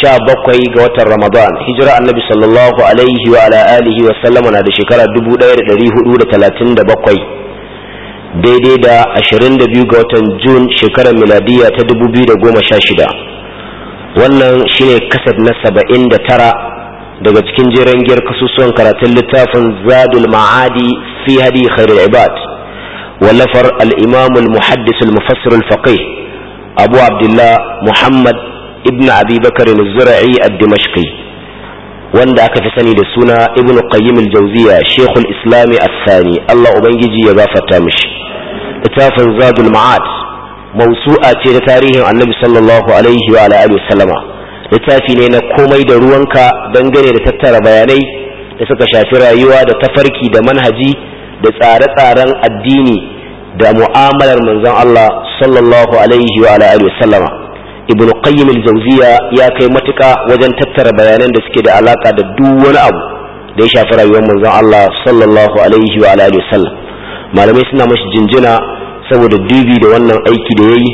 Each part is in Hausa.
sha bakwai ga watan Ramadan hijira annabi sallallahu alaihi wa ala alihi wa sallama na da shekara 1437 daidai da 22 ga watan Jun shekarar miladiya ta 2016 wannan shine kasad na 79 daga cikin jiran giyar kasusuwan karatun littafin Zadul Ma'adi fi hadi khairul ibad wallafar al imamul muhaddis al-Mufassir al-Faqih Abu Abdullah Muhammad ibn abi bakar al-zura'i wanda aka fi sani da suna Ibnu Kayyimil Jauziya, jawziya shaykhul islam ath Allah ubangiji ya gafarta mishi littafin zadul ma'ad mawsu'a ce ta tarihin annabi sallallahu alaihi wa alihi littafi ne na komai da ruwanka dangane da tattara bayanai da saka shafi rayuwa da tafarki da manhaji da tsare-tsaren addini da mu'amalar manzon Allah sallallahu alaihi wa alihi ibn qayyim al-jawziya ya kai matuka wajen tattara bayanan da suke da alaka da duk wani abu da ya shafi rayuwar manzon Allah sallallahu alaihi wa alihi wasallam malamai suna mashi jinjina saboda dubi da wannan aiki da yayi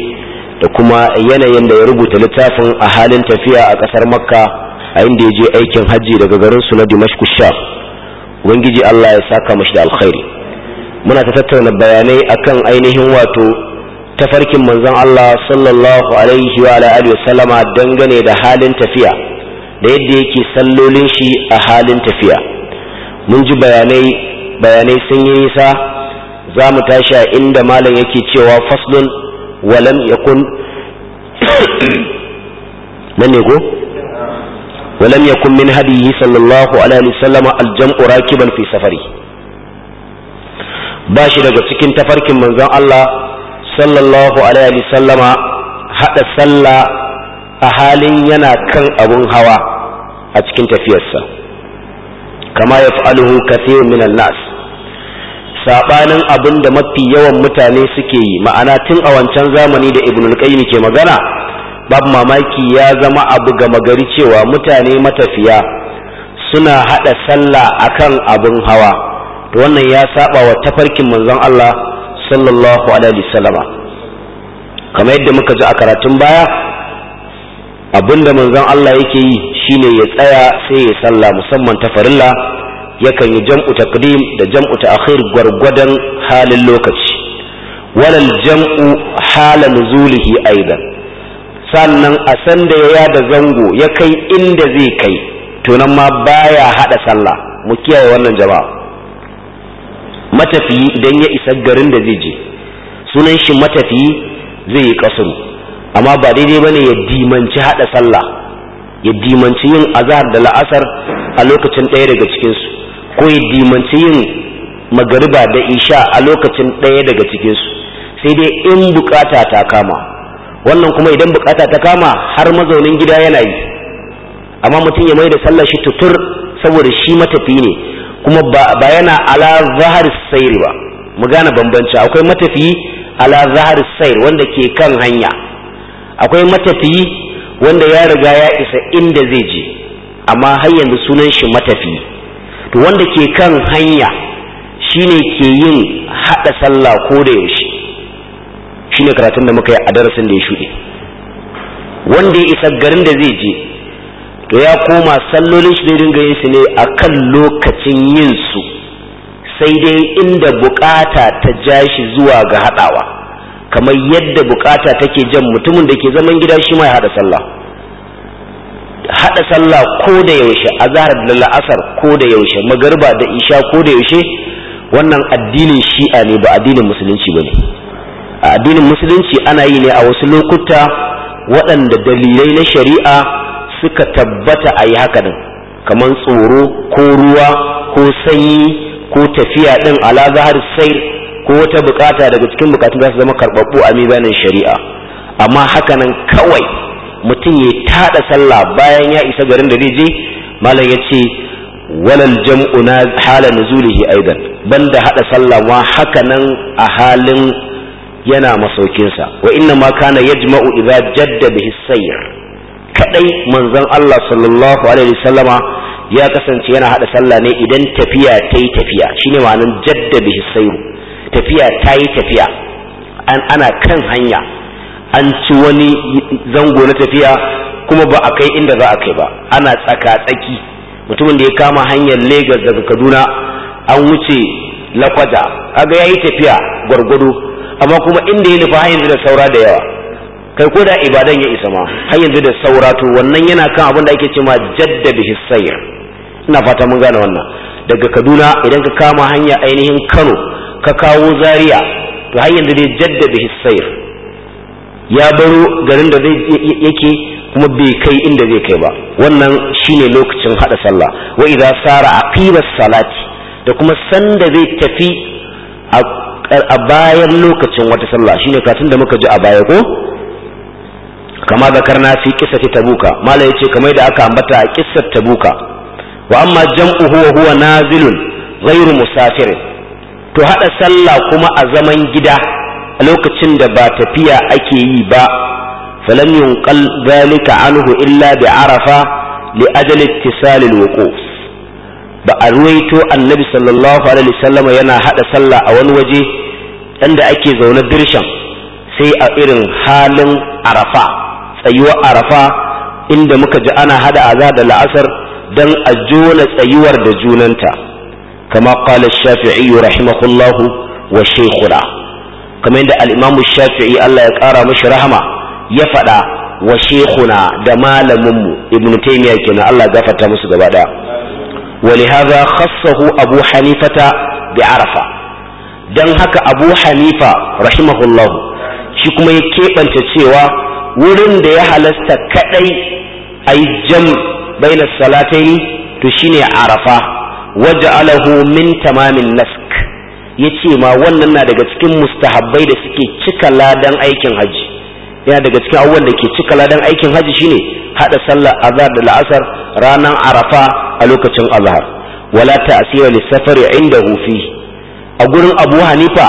da kuma yanayin da ya rubuta littafin a halin tafiya a kasar makka a inda ya je aikin hajji daga garin su na dimashku sha ubangiji Allah ya saka mashi da alkhairi muna ta tattauna bayanai akan ainihin wato tafarkin manzon Allah sallallahu alaihi wa alihi wa sallama dangane da halin tafiya da yadda yake sallolin shi a halin tafiya mun ji bayanai bayanai sun yi nisa za mu tashi a inda malam yake cewa faslun walam yakun nan ne ko walam yakun min sallallahu alaihi wa sallama aljam'u rakiban fi safari ba shi daga cikin tafarkin manzon Allah sallallahu alaihi sallama haɗa sallah a halin yana kan abun hawa a cikin tafiyarsa kama ya fa'aluhu min minan nas sabanin abin da mafi yawan mutane suke yi ma'ana tun a wancan zamani da ibn qayyim ke magana babu mamaki ya zama abu gama gari cewa mutane matafiya suna haɗa sallah akan abin hawa to wannan ya saba wa tafarkin manzon Allah sallallahu alaihi wasallama kamar yadda muka ji a karatun baya abinda manzon Allah yake yi shine ya tsaya sai ya salla, musamman ta farilla yakan yi jam'u taqdim da jam'u ta'khir gwargwadon halin lokaci walal jam'u hala nuzulihi aidan sannan a sanda ya da zango ya kai inda zai kai to nan ma baya hada sallah mu kiyaye wannan jama'a matafiyi idan ya isa garin da zai je sunan shi matafiyi zai yi kasuru amma ba daidai bane ya dimanci hada sallah ya dimanci yin azhar da la'asar a lokacin ɗaya daga cikinsu ko ya dimanci yin magariba da isha a lokacin ɗaya daga cikinsu sai dai in bukata ta kama wannan kuma idan bukata ta kama har mazaunin gida yana yi amma mutum ya mai da sallah shi tutur saboda shi matafi ne kuma ba yana ala zahar ba mu gane bambanci akwai matafiyi ala zahar sair wanda ke kan hanya akwai matafiyi wanda ya riga ya isa inda zai je amma har yanzu sunan shi matafiyi to wanda ke kan hanya shine ke yin hada sallah ko da yaushe shine karatun da muka yi a darasin da ya shuɗe wanda ya isa garin da zai je to ya koma sallolin shi dinga yin su ne a kan lokacin yin su sai dai inda bukata ta ja shi zuwa ga haɗawa, kamar yadda bukata take jan mutumin da ke zaman gida shi ma ya haɗa sallah hada sallah ko da yaushe azhar da la'asar ko da yaushe magariba da isha ko da yaushe wannan addinin shi'a ne ba addinin musulunci bane a addinin musulunci ana yi ne a wasu lokuta waɗanda dalilai na shari'a suka tabbata a yi haka din kamar tsoro ko ruwa ko sanyi ko tafiya din ala zahar sai ko wata bukata daga cikin bukatun za su zama karɓaɓɓu a mizanin shari'a amma haka nan kawai mutum ya taɗa sallah bayan ya isa garin da zai je malam ya ce walal jam'u na hala nuzulihi aidan banda hada sallah ma haka nan a halin yana masaukinsa wa inna ma kana yajma'u idza jadda bihi sayr kadai manzon Allah sallallahu alaihi wasallama ya kasance yana hada sallah ne idan tafiya ta yi tafiya shine ma'anin jadda bihi sayru tafiya ta yi tafiya an ana kan hanya an ci wani zango na tafiya kuma ba a kai inda za a kai ba ana tsaka tsaki mutumin da ya kama hanyar Legas daga Kaduna an wuce Lakwaja ya yayi tafiya gwargwado amma kuma inda ya nufa hanyar da saura da yawa kai ko da ibadan ya isa ma har yanzu da saurato wannan yana kan abin da ake cewa jadda bi sayr ina fata mun gane wannan daga Kaduna idan ka kama hanya ainihin Kano ka kawo Zaria to har yanzu dai jadda bi sayr ya baro garin da zai yake kuma bai kai inda zai kai ba wannan shine lokacin hada sallah wa idza sara aqima salati da kuma sanda zai tafi a bayan lokacin wata sallah shine katun da muka ji a baya ko kama zakarna fi buka tabuka ya yace kamar da aka ambata a qissat tabuka wa amma jam'u huwa huwa nazilun ghairu musafir to hada sallah kuma a zaman gida a lokacin da ba tafiya ake yi ba falam yunqal zalika anhu illa bi arafa li ajal ittisal al ba a ruwaito annabi sallallahu alaihi wasallam yana hada sallah a wani waje inda ake zaune dirshan sai a irin halin arafa tsayuwar arafa inda muka ji ana hada aza da la'asar dan a jona tsayuwar da junanta kama qala shafi'i rahimahullah wa shaykhuna kamar yadda al shafi'i Allah ya kara mashi rahama ya faɗa wa shaykhuna da malaminmu ibnu taymiya kenan Allah gafarta musu gaba daya ولهذا خصه أبو bi arafa dan haka abu hanifa rahimahullahu shi kuma ya keɓanta cewa wurin da ya halasta kaɗai a yi jam bainar salatai to shi shine arafa alahu min tamamin nask ya ce ma wannan na daga cikin mustahabbai da suke cika ladan aikin haji yana daga cikin abubuwan da ke cika ladan aikin haji shine hada sallar azhar da la'asar ranar arafa a lokacin azhar wala ta'sira li safari inda hufi a gurin abu hanifa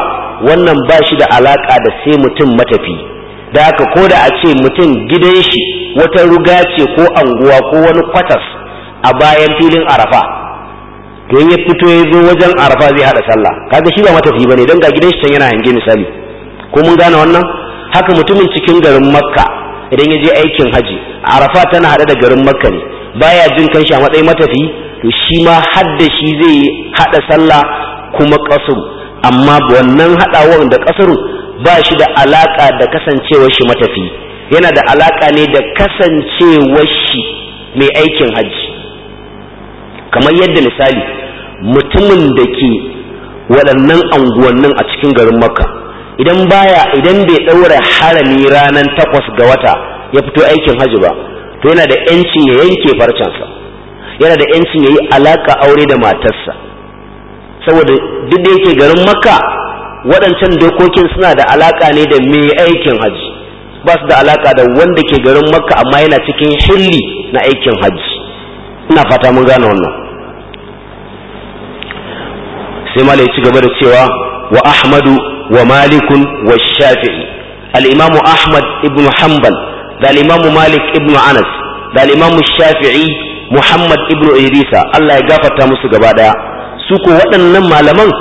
wannan ba shi da alaƙa da sai mutum matafi da haka ko da a ce mutum gidan shi wata ruga ce ko anguwa ko wani kwatas a bayan filin arafa to in ya fito ya zo wajen arafa zai hada sallah kaga shi ba matafi bane don ga gidan shi can yana hange misali ko mun gane wannan haka mutumin cikin garin makka idan ya je aikin haji arafa tana hada da garin makka ne baya jin kanshi a matsayin matafi to shi ma hadda shi zai hada sallah kuma kasuru amma wannan haɗawan da kasar. ba shi da alaƙa da kasancewar shi matafi yana da alaka ne da kasancewar shi mai aikin hajji kamar yadda misali mutumin da ke waɗannan anguwannin a cikin garin makka idan baya idan bai ɗaura harami ranar takwas ga wata ya fito aikin hajji ba to yana da yancin ya yanke farcensa yana da yancin ya yi alaƙa aure da matarsa saboda duk da yake garin makka waɗancan dokokin suna da alaƙa ne da mai aikin hajji ba su da alaƙa da wanda ke garin makka amma yana cikin hilli na aikin hajji ina fata mun gane wannan sai ma ci gaba da cewa wa ahmadu wa malikun wa shafi'i al'imamu ahmad ibn hanbal da al'imamu malik ibn anas da al'imamu shafi'i muhammad ibn idrisa allah ya gafata musu gaba daya su ko waɗannan malaman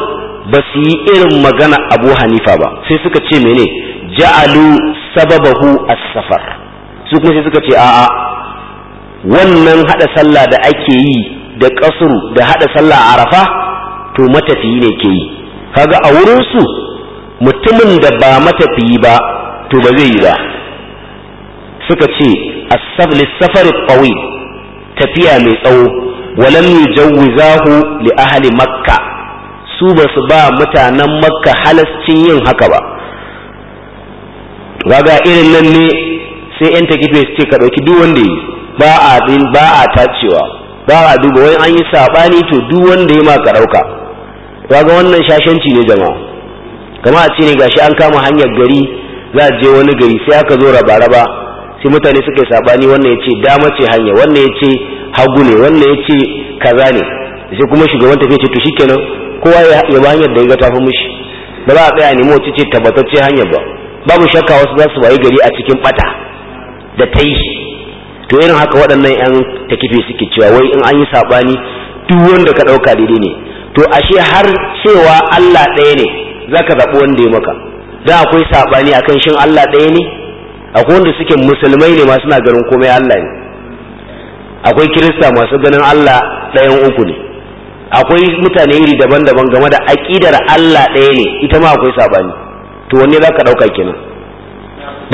ba su yi irin magana abu hanifa ba sai suka ce mene ja'alu sababahu as-safar su kuma sai suka ce a'a wannan hada sallah da ake yi da kasuru da hada sallah a arafa to matafiyi ne ke yi kaga a wurin su mutumin da ba matafiyi ba to ba zai yi ba suka ce as-sabli safar tawil tafiya mai tsawo walam yujawizahu li ahli makkah su ba su ba mutanen makka halascin yin haka ba ga irin nan ne sai yan takife su ce ka ɗauki duk wanda yi ba a ba a tacewa ba a duba wai an yi saɓani to duk wanda ya ma ka ɗauka ga wannan shashanci ne jama'a kama a ce ne gashi an kama hanyar gari za je wani gari sai aka zo raba-raba sai mutane suka yi saɓani wannan ya ce dama ce hanya wannan ya ce hagu ne wannan ya ce kaza ne sai kuma shugaban tafiya ce to shikenan kowa ya ba hanyar da ya ga tafi mushi ba za a tsaya ne wacce ce tabbatacce hanyar ba babu shakka wasu za su wayi gari a cikin bata da ta yi to irin haka waɗannan 'yan kife suke cewa wai in an yi saɓani duk wanda ka ɗauka daidai ne to ashe har cewa Allah ɗaya ne za ka zaɓi wanda ya maka dan akwai saɓani akan shin Allah ɗaya ne akwai wanda suke musulmai ne ma suna garin komai Allah ne akwai kirista masu ganin Allah ɗayan uku ne akwai mutane iri daban-daban game da aƙidar Allah ɗaya ne ita ma akwai sabani to wanne za ka ɗauka kenan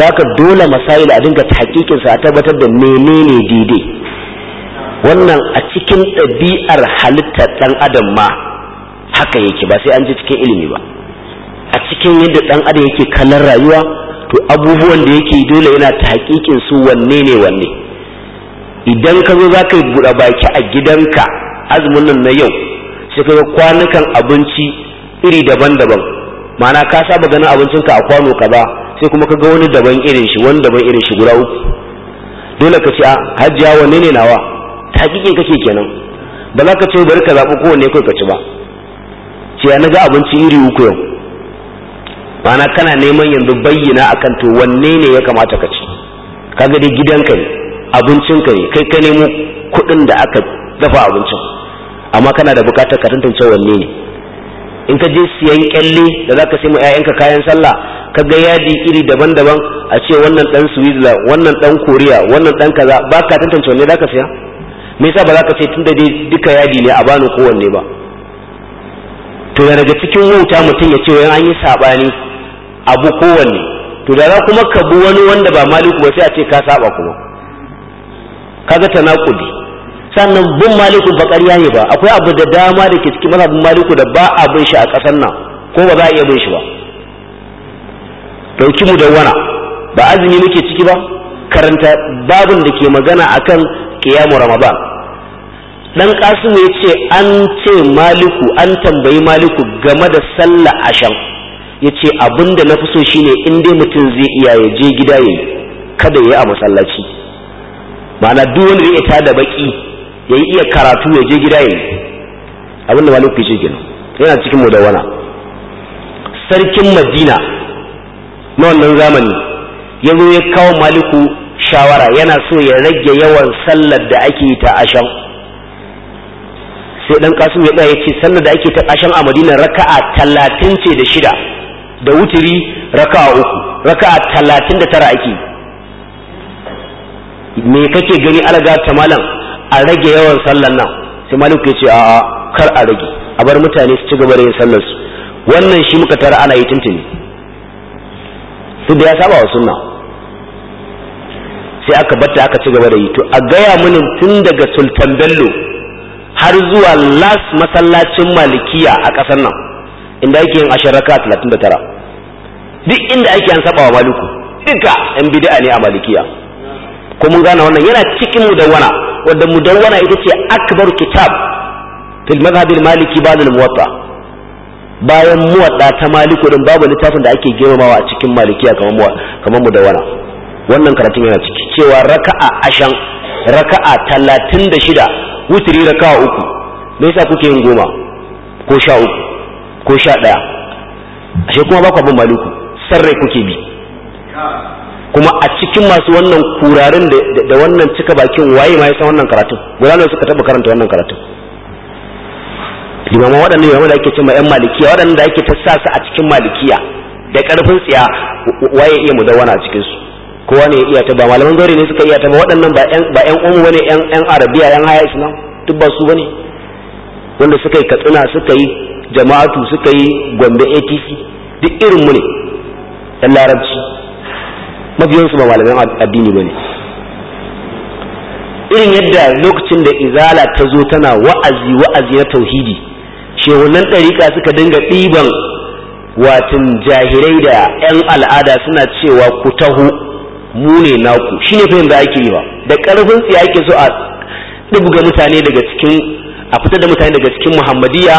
da dole masail a dinga sa a tabbatar da menene daidai wannan a cikin ɗabi'ar halittar ɗan adam ma haka yake ba sai an ji cikin ilimi ba a cikin yadda ɗan adam yake kallon rayuwa to abubuwan da yake dole yana ta su wanne ne wanne idan ka zo za ka yi buɗe baki a gidanka azumin nan na yau sai kaga kwanukan abinci iri daban-daban ma'ana ka saba ganin abincin ka a kwano kaza sai kuma kaga wani daban irin shi wani daban irin shi guda uku dole ka ce a ah, hajjiya wanne ne nawa ta hakike kake kenan ba za ka ce bari ka zaɓi kowanne kai ka ci ba ce ya naga abinci iri uku yau ma'ana kana neman yanzu bayyana akan to wanne ne ya kamata ka ci kaga dai gidanka ne abincinka ne kai ka nemo kuɗin da aka dafa abincin amma kana da bukatar ka tantance wanne ne in ka je siyan kyalle da zaka sai mu ƴaƴanka kayan sallah ka ga yadi iri daban-daban a ce wannan dan Switzerland wannan dan Korea wannan dan kaza ba ka tantance wanne zaka siya me yasa ba zaka ce tunda dai duka yadi ne a bani kowanne ba to da daga cikin wauta mutum ya ce an yi sabani abu kowanne to da za kuma ka bi wani wanda ba maliku ba sai a ce ka saba kuma kaga tanakudi sannan bin maliku ba ƙarya ne ba akwai abu da dama da ke cikin mazhabin maliku da ba a bin shi a ƙasar nan ko ba za a iya bin shi ba Ɗauki mu da wana ba azumi muke ciki ba karanta babin da ke magana akan kiyamu ramadan Ɗan kasimu ya ce an ce maliku an tambayi maliku game da sallah ashan ya ce abin da na fi so shine in dai mutum zai iya ya je gida ya kada ya yi a masallaci ma'ana duk wanda ita da baki ya yi iya karatu ya je gida ya yi abin da maliku ce yana cikin mudawana sarkin madina na wannan zamani ya zo ya kawo maliku shawara yana so ya rage yawan sallar da ake ta ashan sai dan kasu ya tsaya ce sallar da ake ta ashan a madina raka'a talatin ce da shida da wuturi raka'a uku raka'a talatin da tara ake me kake gani alaga ta malam a rage yawan sallan nan sai maliku ya ce a kar a rage a bar mutane su ci gaba da yin sallar su wannan shi muka tara ana yi tuntuni su da ya saba wa sunna sai aka batta aka ci gaba da yi to a gaya mini tun daga sultan bello har zuwa las masallacin malikiya a ƙasar nan inda ake yin asharaka 39 duk inda ake an saba wa maliku duka yan bid'a ne a malikiya ko mun gane wannan yana cikin mu da wana wanda mudawwana ita ce akbar kitab fil al maliki ba al-muwatta bayan muwatta ta maliku din babu littafin da ake girmamawa a cikin malikiya kamar muwa kamar mudawwana wannan karatun yana ciki cewa raka'a ashan raka'a talatin da shida wutiri raka'a uku me yasa kuke yin goma ko sha uku ko sha ɗaya ashe kuma ba ku abin maliku sarrai kuke bi kuma a cikin masu wannan kurarin da wannan cika bakin waye ma ya san wannan karatun gudanar suka taba karanta wannan karatun limama waɗannan yawon da ake cimma 'yan malikiya waɗanda da ake ta sa su a cikin malikiya da ƙarfin tsiya waye iya mudawwana a cikinsu kowa ne iya ta ba malaman zaure ne suka iya ta ba waɗannan ba 'yan umu wani 'yan arabiya 'yan haya islam duk ba su bane wanda suka yi katsina suka yi jama'atu suka yi gombe atc duk irin mu ne 'yan larabci mabiyansu ba malaman addini ba ne irin yadda lokacin da izala ta zo tana wa'azi wa'azi na tauhidi shehunan ɗariƙa suka dinga ɗiban watan jahirai da 'yan al'ada suna cewa ku taho mu ne naku shi ne fahimta ake yi ba da ƙarfin tsiya ake so a ɗibga mutane daga cikin a fitar da mutane daga cikin muhammadiyya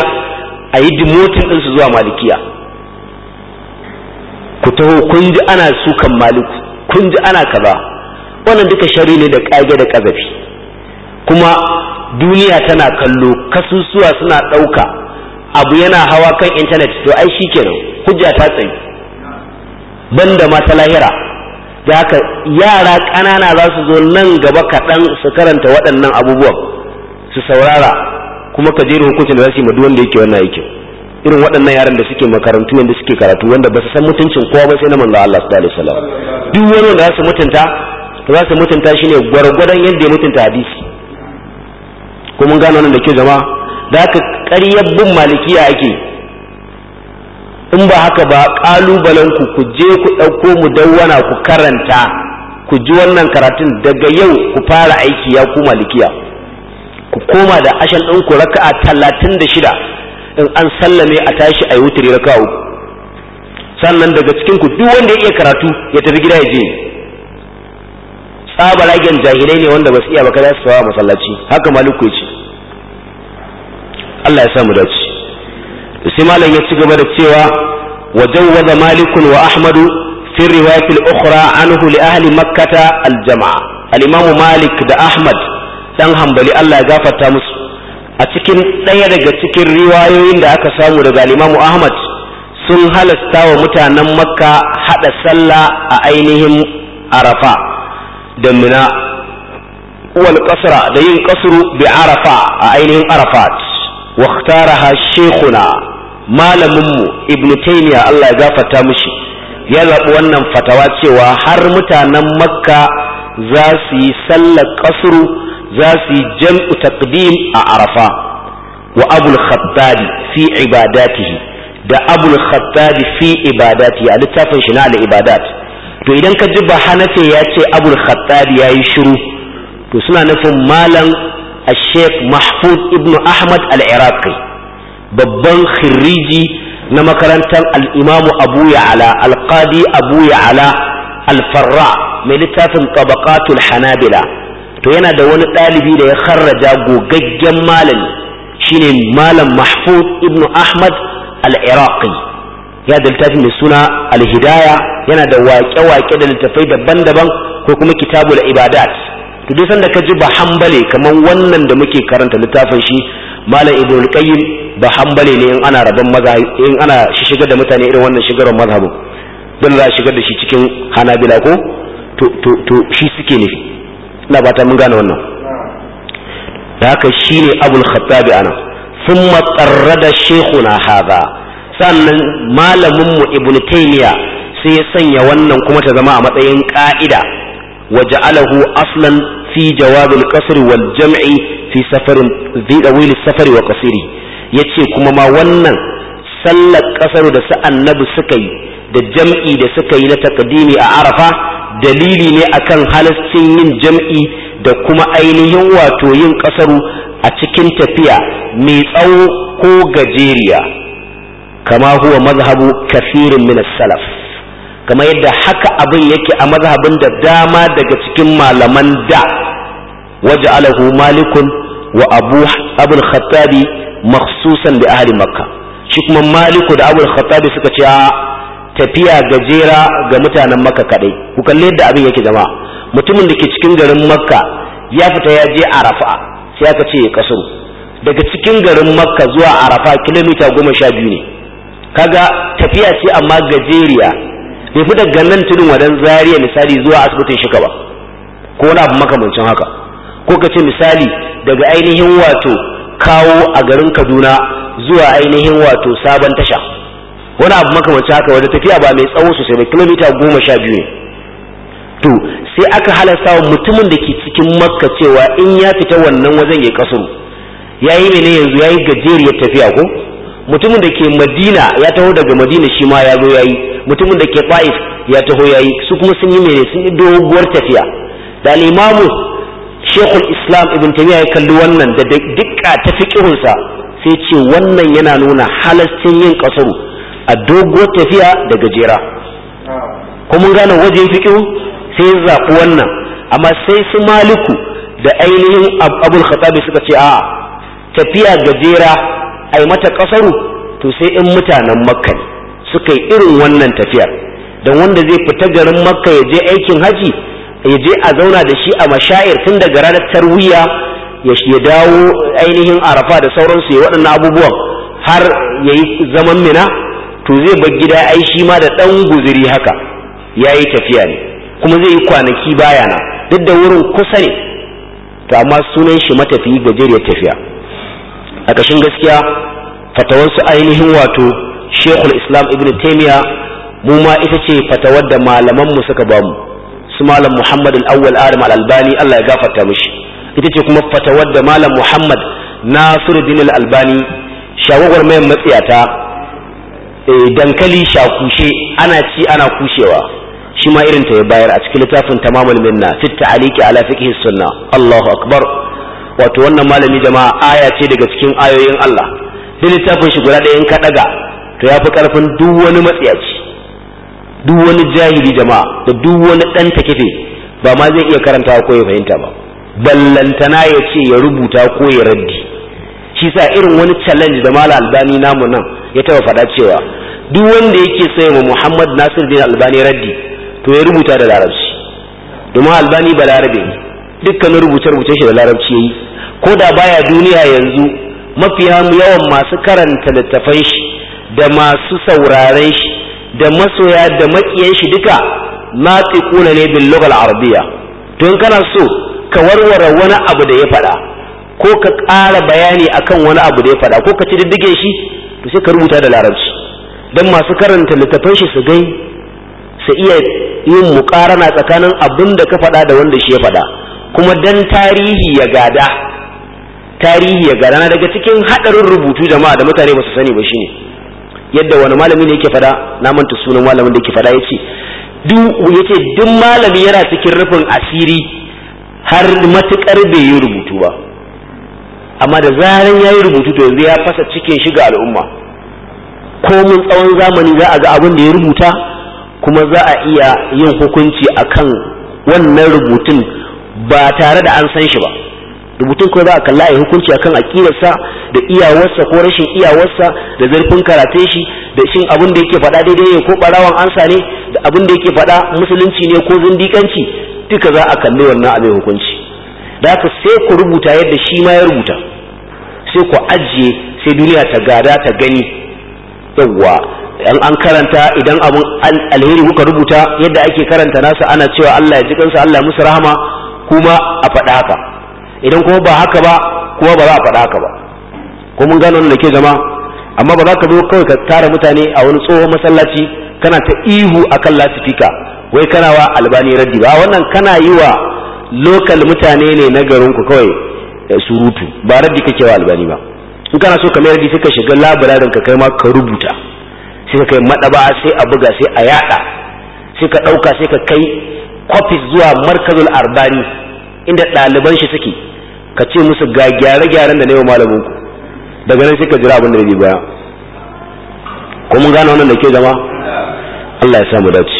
a yi dimotin ɗinsu zuwa malikiya ku taho kun ji ana sukan maliku kun ji ana kaza wannan duka shari ne da kage da kazafi kuma duniya tana kallo kasusuwa suna ɗauka abu yana hawa kan intanet to ai shi kenan hujja ta tsayi banda ma ta lahira da haka yara ƙanana za su zo nan gaba kaɗan su karanta waɗannan abubuwan su saurara kuma ka jera hukuncin da za su yi ma duk wanda yake wannan aikin irin waɗannan yaran da suke makarantu yanda suke karatu wanda ba su san mutuncin kowa ba sai na manzo Allah sallallahu alaihi wasallam duk wani wanda za su mutunta to za su mutunta shi ne gwargwadon yadda ya mutunta hadisi ko mun gano nan da ke jama'a da ka ƙaryar bin malikiya ake in ba haka ba ƙalubalen ku ku je ku ɗauko mu dawwana ku karanta ku ji wannan karatun daga yau ku fara aiki ya ku malikiya ku koma da ashan ɗin ku raka'a talatin da shida in an sallame a tashi a yi wuturi raka kawo sannan daga cikin ku duk wanda ya iya karatu ya tafi gida ya je tsabaragen jahilai ne wanda ba su iya ba kada su masallaci haka maliku ya ce Allah ya sa dace sai malam ya ci gaba da cewa wa jawwaza malikun wa ahmadu fi riwayatil ukhra anhu li ahli makkata al jama'a al imam malik da ahmad dan hanbali Allah ya gafarta musu a cikin ɗaya daga cikin riwayoyin da aka samu daga limamu ahmad sun halasta wa mutanen makka haɗa sallah a ainihin arafa da mina wal kasra da yin kasru bi arafa a ainihin arafat wa ikhtaraha shekuna malaminmu ibn taymiya Allah ya gafarta mushi ya zaɓi wannan fatawa cewa har mutanen makka za su yi sallar kasru za su yi jam'u taqdim a arafa wa abul khattabi fi ibadatihi da abul khattabi fi ibadati a littafin shi na al to idan ka ji bahanafe ya ce abul khattabi ya yi shiru to suna nufin malam a sheikh mahfud ibnu ahmad al babban khiriji na makarantar al-imamu abu ya'ala al-qadi abu ya'ala mai littafin tabaqatul hanabila to yana da wani ɗalibi da ya kharraja gogaggen malami shine malam mahfud ibnu ahmad al-iraqi ya da littafi mai suna al-hidaya yana da waƙe-waƙe da littafai daban-daban ko kuma kitabul ibadat to duk sanda ka ji ba hambale kamar wannan da muke karanta littafin shi malam ibnu al-qayyim ba hambale ne in ana rabon maza in ana shigar da mutane irin wannan shigarar mazhabin don za a shigar da shi cikin hanabila ko to to to shi suke nufi ina bata mun gane wannan da haka shine abul khattabi ana thumma da shekuna haza sannan malamin mu taymiya sai ya sanya wannan kuma ta zama a matsayin ka'ida alahu aslan fi jawabin al wal jam'i fi safarin fi dawil safari wa kasiri yace kuma ma wannan sallar kasaru da su annabi suka yi da jam'i da suka yi na takdimi a arafa dalili ne akan halarcin yin jam'i da kuma ainihin wato yin ƙasaru a cikin tafiya mai tsawo ko gajeriya kama huwa mazhabu kafirin min salaf kama yadda haka abin yake a mazhabin da dama daga cikin malaman da alahu malikun wa abu abul khattabi makhsusan bi ahli makka shi kuma maliku da abul khattabi suka ce a tafiya gajera ga mutanen makka kadai ku kalli yadda abin yake zama mutumin da ke cikin garin makka ya fita ya je arafa sai aka ce ya daga cikin garin makka zuwa arafa kilomita goma sha biyu ne kaga tafiya ce amma gajeriya bai fi daga nan tudun wadan zariya misali zuwa asibitin shika ba ko wani abu makamancin haka ko ka ce misali daga ainihin wato kawo a garin kaduna zuwa ainihin wato sabon tasha wani abu makamancin haka wanda tafiya ba mai tsawo sosai ba kilomita goma sha biyu ne to sai aka halasta wa mutumin da ke cikin makka cewa in ya fita wannan wajen ya kasuru ya yi mene yanzu ya yi gajeriyar tafiya ko mutumin da ke madina ya taho daga madina shi ma ya zo ya yi mutumin da ke ta'if ya taho ya yi su kuma sun yi mene sun yi doguwar tafiya da limamu shekul islam ibn tamiya ya kalli wannan da dukka ta fiƙihunsa sai ce wannan yana nuna halastin yin kasuru a doguwar tafiya da gajera ko mun gane wajen fiƙihu sai zaɓi wannan amma sai su maliku da ainihin abul khatabi suka ce a tafiya gajera ai mata ƙasaru to sai in mutanen makka ne suka yi irin wannan tafiyar don wanda zai fita garin makka ya je aikin haji ya je a zauna da shi a mashayar tun daga ranar tarwiya ya dawo ainihin arafa da sauransu ya waɗannan abubuwan har ya yi zaman mina to zai bar gida ai shi ma da ɗan guzuri haka ya yi tafiya ne kuma zai yi kwanaki baya na duk da wurin kusa ne to amma sunan shi matafiyi gajeriyar tafiya a ƙashin gaskiya fatawarsu ainihin wato shekul islam ibn taimiya mu ma ita ce fatawar da malamanmu suka bamu su malam muhammad al-awwal albani allah ya gafarta mishi ita ce kuma fatawar da malam muhammad nasiruddin al-albani shawagwar mayan matsiyata Eh, dankali shakushe ana ci ana kushewa shi ma irin ta ya bayar a cikin littafin tamamul minna fit ta'aliki ala fiqhi sunna Allahu akbar wato wannan malami jama'a aya ce daga cikin ayoyin Allah duk littafin shi guda ɗaya in ka daga to yafi karfin duk wani matsiyaci duk wani jahili jama'a da duk wani dan takefe ba ma zai iya karanta ko ya fahimta ba ballantana ya ce ya rubuta ko ya raddi shi sa irin wani challenge da malam albani namu nan ya taba faɗa cewa duk wanda yake tsaye wa Muhammad Nasir bin Albani raddi to ya rubuta da larabci domin Albani ba larabe ne Dukkan rubuce-rubuce shi da larabci yayi ko da baya duniya yanzu mafi yawan masu karanta littafan shi da masu sauraren shi da masoya da maƙiyan shi duka natiquna ne bil lugal Don to in kana so ka warware wani abu da ya faɗa ko ka ƙara bayani akan wani abu da ya faɗa ko ka ci diddige shi to sai ka rubuta da larabci don masu karanta littafan shi su gai su iya yin mukarana tsakanin abinda ka faɗa da wanda shi ya faɗa kuma dan tarihi ya gada tarihi ya gada na daga cikin haɗarin rubutu jama'a da mutane ba su sani ba shine yadda wani malami ne yake faɗa na manta sunan malamin da yake faɗa yace duk yace duk malami yana cikin rufin asiri har matukar bai yi rubutu ba amma da zaran ya yi rubutu to yanzu ya fasa cikin shiga al'umma Ko min tsawon zamani za a ga abin da ya rubuta kuma za a iya yin hukunci akan wannan rubutun ba tare da an san shi ba rubutun kuma za a kalla a yi hukunci akan aƙirarsa da iyawarsa ko rashin iyawarsa da zarfin karate shi da shin abin da yake faɗa daidai ne ko ɓarawan ansa ne da abin da yake faɗa musulunci ne ko zindiƙanci duka za a kalli wannan abin hukunci da haka sai ku rubuta yadda shi ma ya rubuta sai ku ajiye sai duniya ta gada ta gani yawwa an an karanta idan abun alheri kuka rubuta yadda ake karanta nasa ana cewa Allah ya ji kansa Allah ya musu rahama kuma a faɗa haka idan kuma ba haka ba kuma ba za a faɗa haka ba ko mun gano da ke zama amma ba za ka zo kawai ka tara mutane a wani tsohon masallaci kana ta ihu akan lasifika wai kana wa albani raddi ba wannan kana yi wa lokal mutane ne na garinku kawai eh, surutu ba raddi kake wa albani ba in kana so ka mayar da sai ka shiga labarin ka kai ma ka rubuta sai ka kai madaba sai a buga sai a yada sai ka dauka sai ka kai kwafis zuwa markazul arbani inda ɗaliban shi suke ka ce musu ga gyare-gyaren da na yau malamin ku daga nan sai ka jira abin da zai baya ko mun gane wannan da ke zama Allah ya samu dace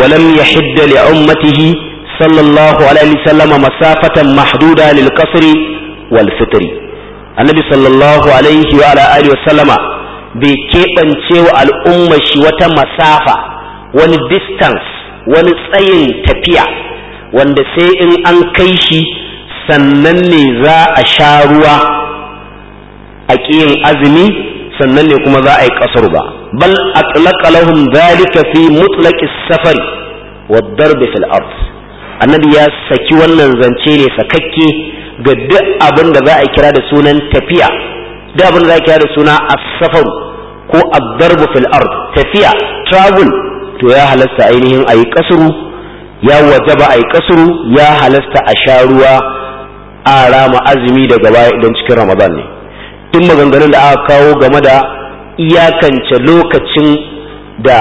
walam yahidda li ummatihi sallallahu masafatan mahduda lil qasri wal annabi sallallahu alaihi wa alihi wa sallama bai keɓance wa al'ummar shi wata masafa wani distance wani tsayin tafiya wanda sai in an kai shi sannan ne za a sha ruwa a ƙiyin azumi sannan ne kuma za a yi ƙasar ba bal atlaqa lahum dhalika fi mutlaqis safari wa darb fil annabi ya saki wannan zance ne sakakke ga duk abin da za a kira da sunan tafiya duk abin da za a kira da suna Asafar ko adarbu fil ard tafiya travel to ya halasta ainihin ayi kasuru ya wajaba ayi kasuru ya halasta a sha ruwa a rama azumi daga baya idan cikin ramadan ne tun maganganun da aka kawo game da iyakance lokacin da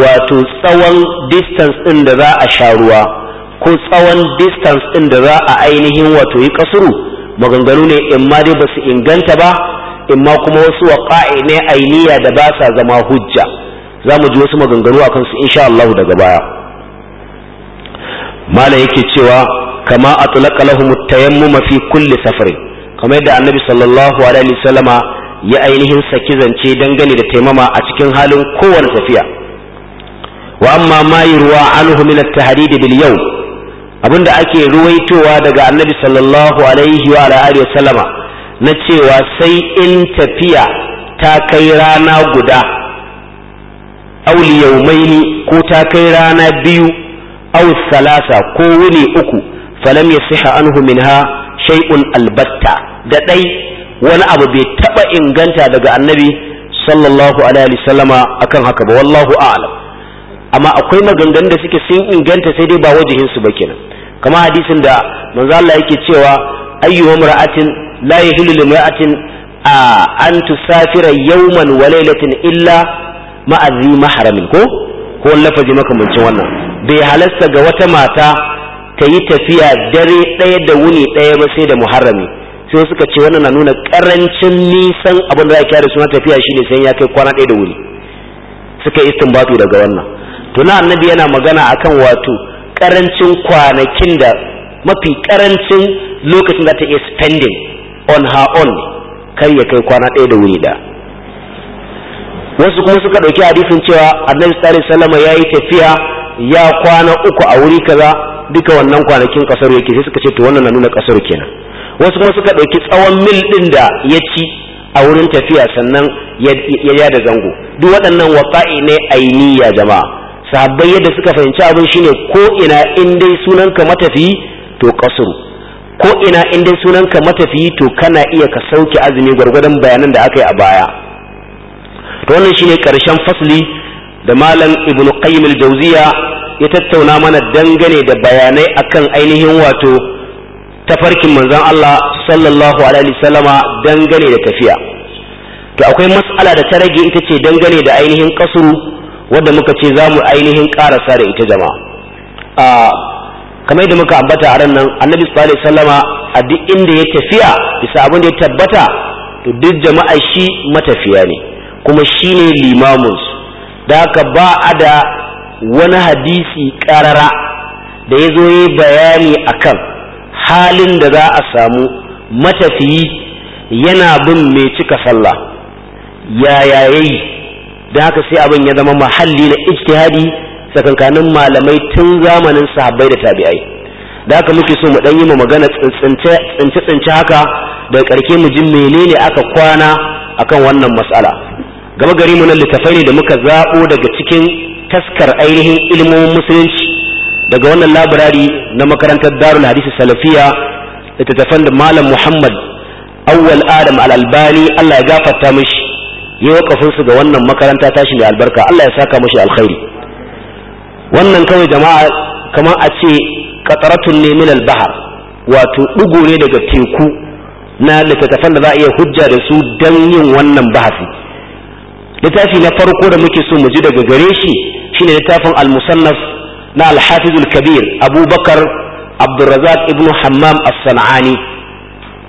wato tsawon distance ɗin da za a sha ruwa ko tsawon distance ɗin da za a ainihin wato yi kasuru maganganu ne in ma dai ba su inganta ba in ma kuma wasu waƙa'i ne ainiya da ba sa zama hujja za mu ji wasu maganganu a kansu insha Allah daga baya mala yake cewa kama a tulaka lahum tayammuma fi kulli safarin kamar yadda annabi sallallahu alaihi wasallama ya ainihin saki zance dangane da taimama a cikin halin kowane tafiya wa amma ma yurwa anhu min at-tahdid bil yawm abinda ake ruwaitowa daga annabi sallallahu alaihi wa alihi wa sallama na cewa sai in tafiya ta kai rana guda auli yaumaini ko ta kai rana biyu aw salasa ko wuni uku falam yasiha anhu minha shay'un albatta da dai wani abu bai taba inganta daga annabi sallallahu alaihi wa sallama akan haka ba wallahu a'lam amma akwai maganganun da suke sun inganta sai dai ba wajihinsu ba kenan kama hadisin da manzo Allah yake cewa ayyu mar'atin la yahillu limra'atin an tusafira yawman wa laylatin illa ma'a dhi mahramin ko ko lafazi makamancin wannan bai halasta ga wata mata ta yi tafiya dare ɗaya da wuni ɗaya ba sai da muharrami sai suka ce wannan na nuna karancin nisan abin da ake da suna tafiya shine sai ya kai kwana ɗaya da wuni suka yi istinbatu daga wannan to na annabi yana magana akan wato karancin kwanakin da mafi karancin lokacin da ta iya spending on her own kar ya kai kwana ɗaya da wuri da wasu kuma suka ɗauki hadisin cewa annabi sallallahu salama ya yi tafiya ya kwana uku a wuri kaza duka wannan kwanakin kasar yake sai suka ce to wannan na nuna kasar kenan wasu kuma suka ɗauki tsawon mil ɗin da ya ci a wurin tafiya sannan ya da zango duk waɗannan waƙa'i ne ainiya jama'a sahabbai yadda suka fahimci abin shine ko ina in dai sunanka matafiyi to kasuru ko ina in dai sunanka matafiyi to kana iya ka sauke azumi gwargwadon bayanan da aka yi a baya to wannan shine karshen fasli da malam ibnu qayyim al-jawziya ya tattauna mana dangane da bayanai akan ainihin wato tafarkin manzon Allah sallallahu alaihi wasallama dangane da tafiya to akwai mas'ala da ta rage ita ce dangane da ainihin kasuru Wanda muka ce za mu ainihin karasa da ita jama'a kamar da muka ambata a ran nan annabi sallallahu Sallama, a duk inda ya tafiya bisa abin da ya tabbata to duk jama'a shi matafiya ne kuma shi ne limamin su da haka ba a da wani hadisi karara da ya zo yi bayani a kan halin da za a samu matafiyi yana bin mai cika sallah yaya yayi da haka sai abin ya zama mahalli na ijtihadi tsakankanin malamai tun zamanin sahabbai da tabi'ai da haka muke so mu dan yi mu magana tsince tsince haka da karke mu ji menene aka kwana akan wannan mas'ala gaba gari mu nan littafai ne da muka zabo daga cikin taskar ainihin ilimin musulunci daga wannan labirari na makarantar darul hadisi salafiya littattafan da malam muhammad awwal adam al-albani Allah ya gafarta mishi yi wakafin su ga wannan makaranta tashi mai albarka Allah ya saka mashi alkhairi wannan kawai jama'a kamar a ce qataratun ne min albahar wato dugo ne daga teku na littattafan da za a iya hujja da su dan yin wannan bahasi littafi na farko da muke so mu ji daga gare shi shine littafin al-musannaf na al-hafiz al-kabir abubakar abdurrazzaq ibnu hammam as-sanani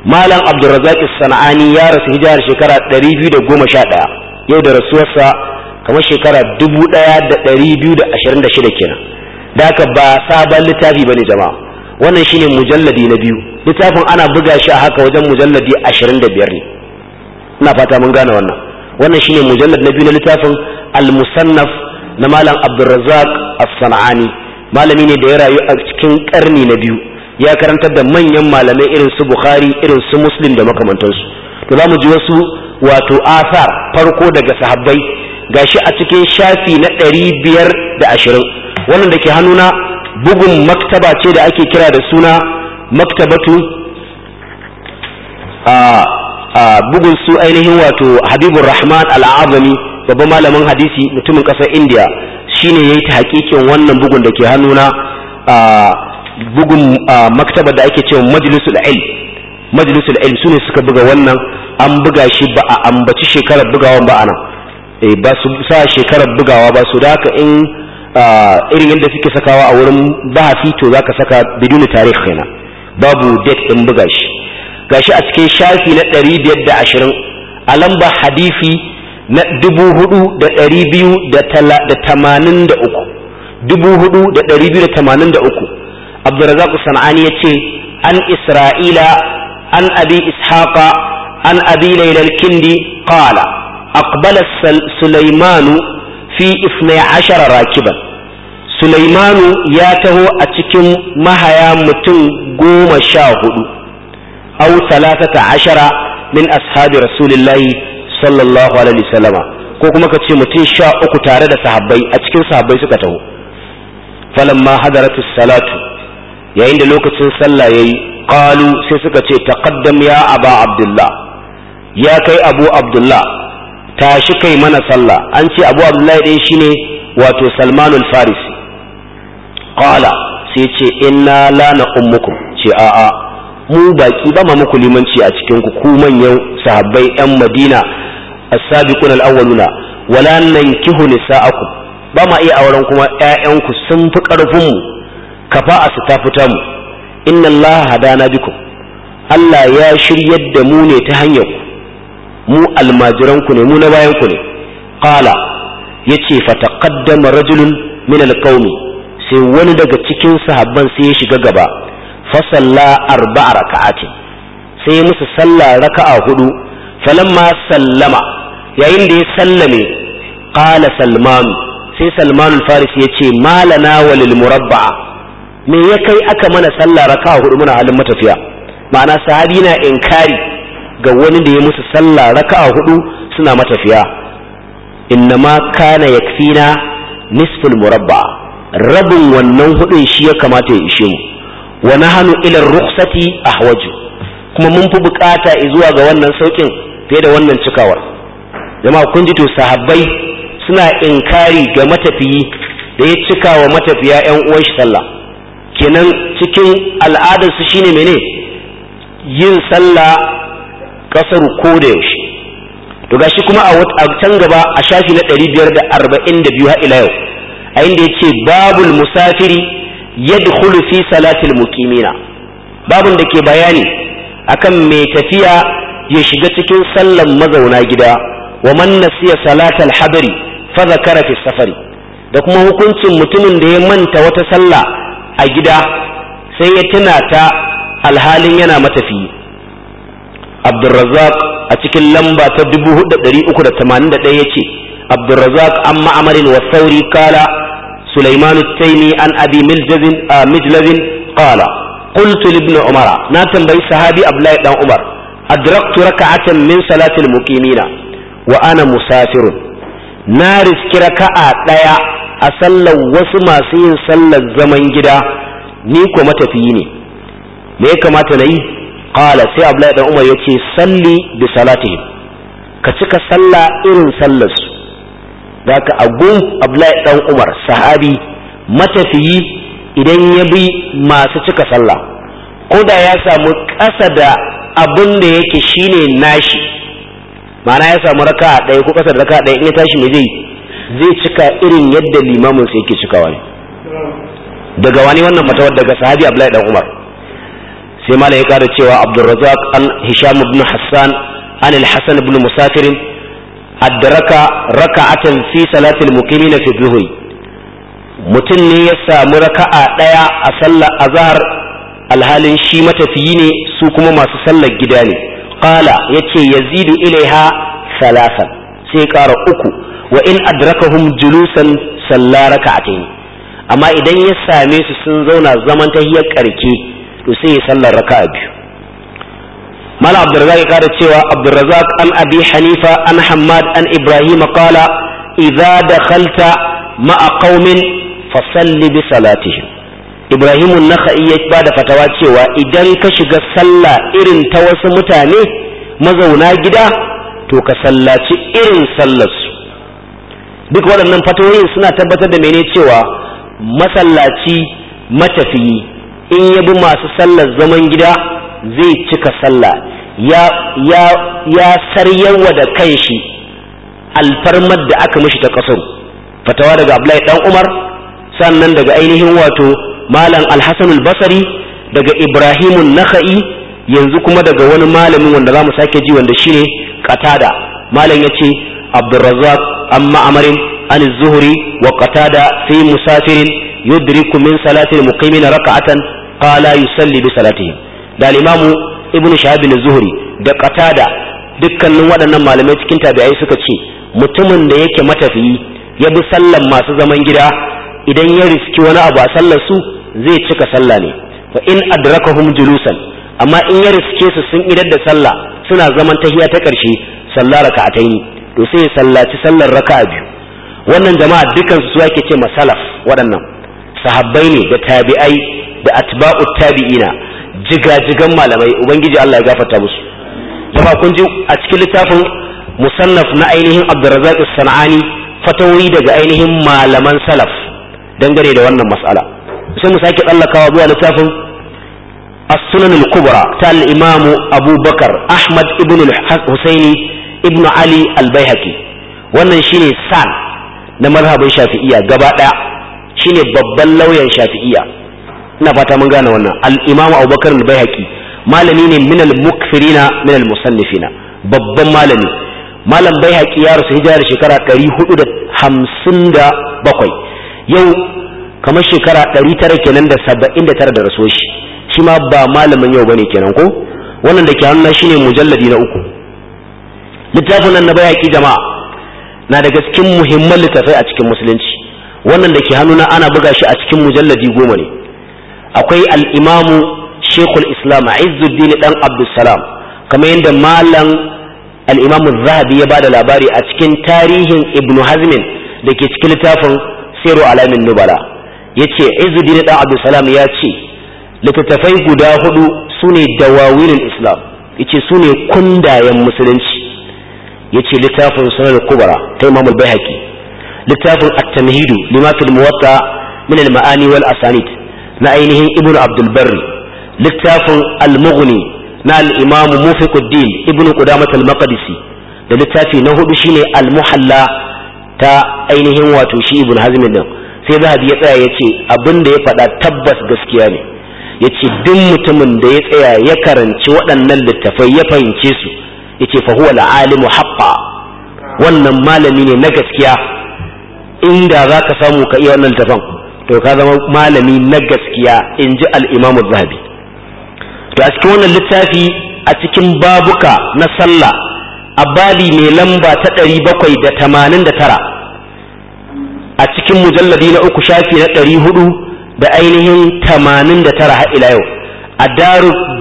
malam abdurrazak sana'ani ya rasu hijirar shekara 211 yau da rasuwarsa kamar shekara 1226 kenan da haka ba sabon littafi bane jama'a wannan shine mujalladi na biyu littafin ana buga shi a haka wajen mujalladi 25 ne ina fata mun gane wannan wannan shine mujallad na biyu na littafin al-musannaf na malam abdurrazak as-sana'ani malami ne da ya rayu a cikin karni na biyu ya karantar da manyan malamai irin su bukhari irin su muslim da makamantansu to za mu ji wasu wato athar farko daga sahabbai gashi a cikin shafi na ɗari biyar da ashirin wannan da ke hannuna bugun maktaba ce da ake kira da suna maktabatu a bugun su ainihin wato habibur rahman al'azami babban malamin hadisi mutumin ƙasar indiya shine ya yi ta hakikin wannan bugun da ke hannuna bugun maktaba da ake cewa majalisul ilm majalisul ilm sune suka buga wannan an buga shi ba a ambaci shekarar bugawa ba anan eh ba su sa shekarar bugawa ba su da haka in irin yadda suke sakawa a wurin bahafi to zaka saka bidun tarikh kenan babu date din buga shi gashi a cikin shafi na 520 a lamba hadisi na 4283 dubu hudu da ɗari biyu da tamanin da uku abdurrazak sanani ya ce an isra'ila an abi ishaka, an abi lailal kindi qala aqbala sulaimanu fi ifnai ashara rakiban sulaimanu ya taho a cikin mahaya mutum goma sha hudu au talatata ashara min ashabi rasulillahi sallallahu alaihi wasallama ko kuma ka ce mutum sha uku tare da sahabbai a cikin sahabbai suka taho falamma hadaratu salatu yayin da lokacin sallah yayi qalu sai suka ce taqaddam ya aba abdullah ya kai abu abdullah tashi kai mana sallah an ce abu abdullah shi shine wato salmanul farisi qala sai ce inna la na ummukum ce a'a mu baki ba ma muku limanci a cikin ku ku manyan sahabbai yan madina as-sabiqun al-awwaluna wala nankihu nisa'akum ba ma iya auren kuma ƴaƴanku sun fi ƙarfin mu su ta fita mu inna Allah hadana bikum Allah ya shiryar da mu ne ta hanyar mu almajiran ku ne mu na bayan ku ne qala yace fa taqaddama rajulun min alqaumi sai wani daga cikin sahabban sai ya shiga gaba fa salla arba'a raka'atin sai musu sallah raka'a hudu falamma sallama yayin da ya sallame qala salman sai salman al-farisi yace malana walil murabba'a me ya kai aka mana sallah raka hudu muna halin matafiya ma'ana sahabi na inkari ga wani da ya musu sallah raka hudu suna matafiya ma kana yakfina nisful murabba rabin wannan hudun shi ya kamata ya ishe mu Wani hannu nahanu ila a ahwaju kuma mun fi bukata zuwa ga wannan saukin fiye da wannan cikawar jama'a kun ji to sahabbai suna inkari ga matafiyi da ya cika wa matafiya 'yan uwan shi sallah kenan cikin al'adarsu shine mene yin sallah ƙasar ko da yaushe to gashi kuma a can gaba a shafi na 542 har ila yau a inda yace babul musafiri yadkhulu fi salatil muqimina babun da ke bayani akan mai tafiya ya shiga cikin sallan mazauna gida wa man nasiya salatal hadari fa zakara fi safari da kuma hukuncin mutumin da ya manta wata sallah a gida sai ya tuna ta alhalin yana matafi abdulrazak a cikin lamba ta 4381 ya ce abdulrazak an ma'amarin wa sauri kala sulaimanu taimi an abi mijlazin kala qultu ibn umara na tambayi sahabi abdullahi dan umar adraktu raka'atan min salatil muqimina wa ana musafirun na riski raka'a ɗaya. a sallar wasu masu yin sallar zaman gida ni ko matafiyi ne me ya kamata na yi qala sai abdullahi dan umar yace salli bi salatihim ka cika salla irin sallar su daga agun abdullahi dan umar sahabi matafiyi idan ya bi masu cika sallah ko da ya samu ƙasa da abin da yake shine nashi ma'ana ya samu raka ɗaya ko ƙasa da raka ɗaya in ya tashi me zai yi zai cika irin yadda limamin sai yake cikawa ne daga wani wannan fatawar daga sahabi Abdullahi dan Umar sai malai ya kara cewa Razzaq an Hisham ibn Hassan an al-Hasan ibn Musafir adraka raka'atan fi salatil muqimin fi dhuhri mutum ne ya samu raka'a daya a sallar azhar alhalin shi matafiyi ne su kuma masu sallar gida ne qala yace yazidu ilaiha salasan sai ya kara uku wa in adrakahum julusan salla raka'atayn amma idan ya same su sun zauna zaman tahiyar karke to sai ya sallar raka'a biyu mala abdurrazak ya kada cewa abdurrazak an abi hanifa an hammad an ibrahim qala idza dakhalta ma'a qaumin fasalli bi salatihim ibrahim an-nakhai ya bada fatawa cewa idan ka shiga sallah irin ta wasu mutane mazauna gida to ka sallaci irin sallarsu duk waɗannan fatoyin suna tabbatar da mene cewa masallaci matafiyi in ya bi masu sallar zaman gida zai cika sallah ya ya ya saryawa da kanshi alfarmar da aka mishi ta kasar fatawa daga Abdullahi dan Umar sannan daga ainihin wato malam Al-Hasan al daga Ibrahim nakhai yanzu kuma daga wani malamin wanda za mu sake ji wanda shine Qatada malam yace Abdurrazzaq عن معمر عن الزهري وقتادة في مسافر يدرك من صلاة المقيمين ركعة قال يصلي بصلاتهم da limamu ibn shahabin zuhri da qatada dukkanin waɗannan malamai cikin tabi'ai suka ce mutumin da yake matafiyi ya bi sallan masu zaman gida idan ya riski wani abu a sallar su zai cika sallah ne fa in adrakahum julusan amma in ya riske su sun idar da sallah suna zaman tahiya ta ƙarshe sallah raka'ataini to sai ya sallaci sallar raka'a biyu wannan jama'a dukan su yake ce masalaf waɗannan sahabbai ne da tabi'ai da atba'u tabi'ina jigajigan malamai ubangiji Allah ya gafarta musu jama'a kun ji a cikin littafin musannaf na ainihin Abdurrazzaq As-Sanani fatawoyi daga ainihin malaman salaf dangane da wannan mas'ala sai mu sake tsallakawa zuwa littafin السنن الكبرى تاع الإمام أبو Abubakar Ahmad ابن الحسيني ibnu ali al-baihaqi wannan shine san na mazhabin shafi'iyya gaba ɗaya shine babban lauyan shafi'iyya ina fata mun gane wannan al-imam abubakar al-baihaqi malami ne min al-mukthirina min al-musannifina babban malami malam baihaqi ya rasu hijira shekara 457 yau kamar shekara 900 kenan da 79 da rasuwar shi shi ma ba malamin yau bane kenan ko wannan da ke hannuna shine mujalladi na uku littafin nan na bayaki jama'a na daga cikin muhimman littafai a cikin musulunci wannan da ke hannuna ana buga shi a cikin mujalladi goma ne akwai al'imamu shekul islam izzuddin dan salam kamar yadda malam al'imamu zahabi ya bada labari a cikin tarihin ibnu hazmin da ke cikin littafin siru alamin nubala ya ce izzuddin dan salam ya ce littattafai guda hudu su ne dawawirin islam ya ce su ne kundayen musulunci yace littafin sunan kubara ta imam al littafin at-tamhid lima fil muwatta min al-ma'ani wal asanid na ainihin ibnu abdul barri littafin al-mughni na al-imam mufiquddin ibnu qudamah al-maqdisi da littafi na hudu shine al-muhalla ta ainihin wato shi ibnu hazm din sai zahabi ya tsaya yace abin da ya faɗa tabbas gaskiya ne yace duk mutumin da ya tsaya ya karanci waɗannan littafai ya fahimce su yace fa huwa al-alimu wannan malami ne na gaskiya inda zaka samu ka iya wannan tafan to ka zama malami na gaskiya inji al-imamu zahabi to a cikin wannan littafi a cikin babuka na sallah a babi mai lamba ta 789 a cikin mujalladi na uku shafi na 400 da ainihin 89 har ila yau a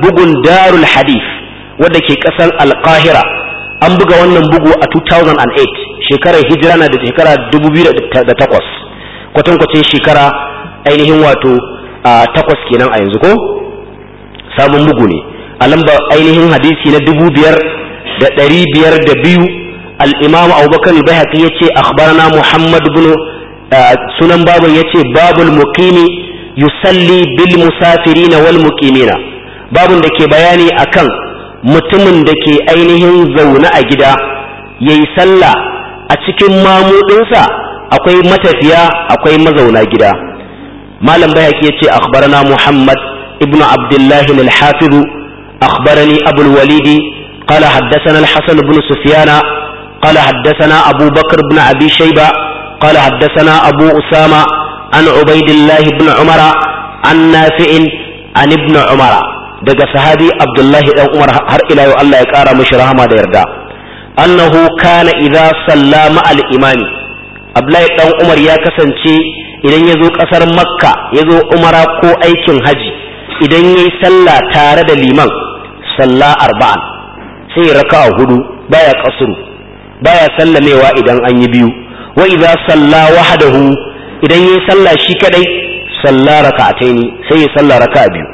bugun darul hadith wadda ke ƙasar alƙahira an buga wannan bugu a 2008 shekarar hijira na da shekara 2008 kwatankwacin shekara ainihin wato takwas kenan a yanzu ko samun bugu ne a lamba ainihin hadisi na 5502 الإمام أبو بكر ya ce أخبرنا muhammad بن sunan babin ya ce babul muqimi yusalli bil musafiri na wal muqimina babun da ke bayani akan mutumin da ke ainihin zaune a gida ya yi sallah a cikin mamudinsa akwai matafiya akwai mazauna gida malam bayaki ya ce akhbarana muhammad ibn abdullahi al-hafidu akhbarani abul walidi qala haddathana al-hasan ibn sufyana qala haddathana abu bakr ibn abi shayba qala haddathana abu usama an ubaidillahi ibn umara an nafi'in an ibn umara daga sahabi abdullahi dan umar har ila yau Allah ya kara mishi rahama da yarda annahu kana idza sallama al imami abdullahi dan umar ya kasance idan ya zo kasar makka ya zo umara ko aikin haji idan yayi sallah tare da liman salla arba'an sai raka'a hudu baya kasuru baya sallamewa idan an yi biyu wa idza salla wahdahu idan yayi sallah shi kadai salla raka'ataini sai ya salla raka'a biyu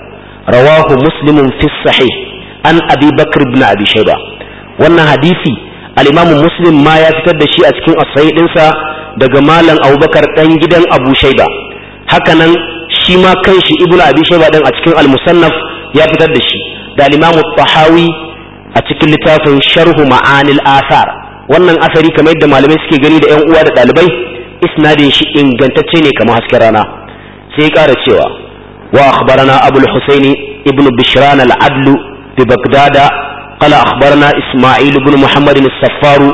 rawahu muslimin fi an abi bakr ibn abi wannan hadisi al'imamin imamu muslim ma ya fitar da shi a cikin as-sahih dinsa daga malam abubakar dan gidan abu shayba haka nan shi ma kanshi ibnu abi shayba din a cikin almusannaf ya fitar da shi da al-imamu tahawi a cikin littafin sharhu ma'anil Asar. wannan asari kamar yadda malamai suke gani da yan uwa da ɗalibai isnadin shi ingantacce ne kamar hasken rana sai ya kara cewa وأخبرنا أبو الحسين ابن بشران العدل ببغداد قال أخبرنا إسماعيل بن محمد الصفار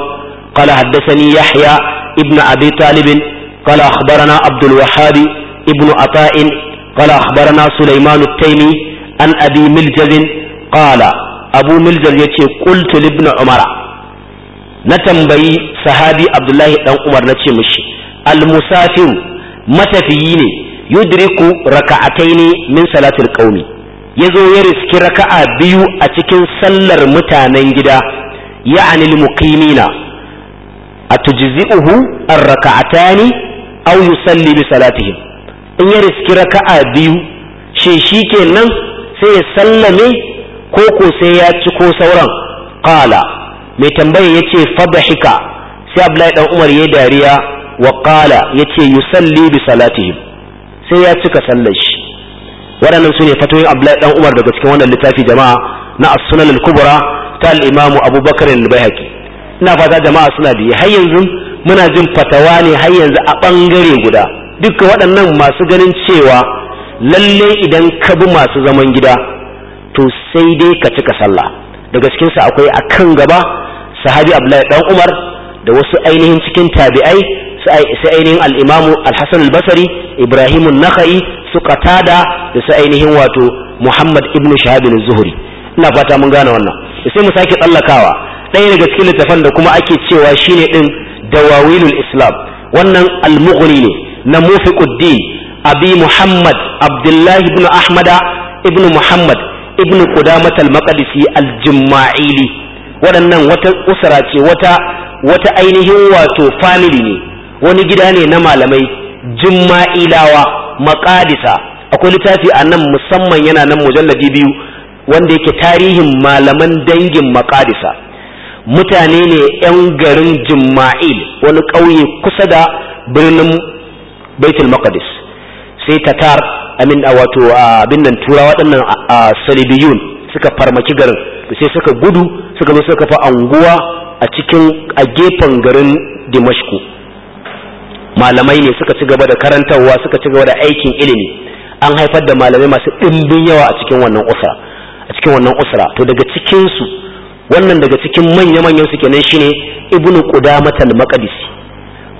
قال حدثني يحيى ابن أبي طالب قال أخبرنا عبد الوهاب ابن عطاء قال أخبرنا سليمان التيمي عن أبي ملجز قال أبو ملجز يتي قلت لابن عمر نتنبي صحابي عبد الله بن عمر نتي مشي المسافر متفيني yudriku raka'ataini min salatil qaumi yazo ya riski raka'a biyu a cikin sallar mutanen gida ya'ni al-muqimina atujzi'uhu ar-raka'atani aw yusalli bi salatihim in ya riski raka'a biyu shin shikenan sai ya sallame ko ko sai ya ci ko sauran qala mai tambaya yace fadhika sai Abdullahi dan Umar ya dariya wa qala yace yusalli bi salatihim sai ya cika sallar shi waɗannan sune fatoyin abdullahi dan umar daga cikin wannan littafi jama'a na as-sunan al-kubra ta al-imam Bakar al-baihaqi ina fata jama'a suna biye har yanzu muna jin fatawa ne har yanzu a bangare guda duka waɗannan masu ganin cewa lalle idan ka bi masu zaman gida to sai dai ka cika sallah daga cikin sa akwai akan gaba sahabi abdullahi dan umar da wasu ainihin cikin tabi'ai su ainihin al'imamu al albasari al-basari ibrahimun naka'i su katada da su ainihin wato muhammad ibn shahabin zuhuri ina fata mun gane wannan sai mu sake tsallakawa ɗaya daga cikin littafan da kuma ake cewa shine ɗin dawawilul islam wannan al ne na mufiquddin abi muhammad abdullahi ibn ahmada ibn muhammad ibn qudamat al-maqdisi al-jumma'ili waɗannan wata usara ce wata wata ainihin wato family ne wani gida ne na malamai jima'ilawa maqadisa akwai littafi a nan musamman yana nan mujalladi biyu wanda yake tarihin malaman dangin maqadisa mutane ne 'yan garin jima'il wani ƙauye kusa da birnin baitul maqdis sai tatar amin a wato abin nan tura waɗannan salibiyun suka farmaki garin sai suka gudu suka zo suka fa anguwa a cikin a gefen garin dimashku malamai ne suka ci gaba da karantarwa suka ci gaba da aikin ilimi an haifar da malamai masu ɗimbin yawa a cikin wannan usra a cikin wannan usra to daga cikin su wannan daga cikin manya manyan su kenan shine ibnu qudamah al-maqdisi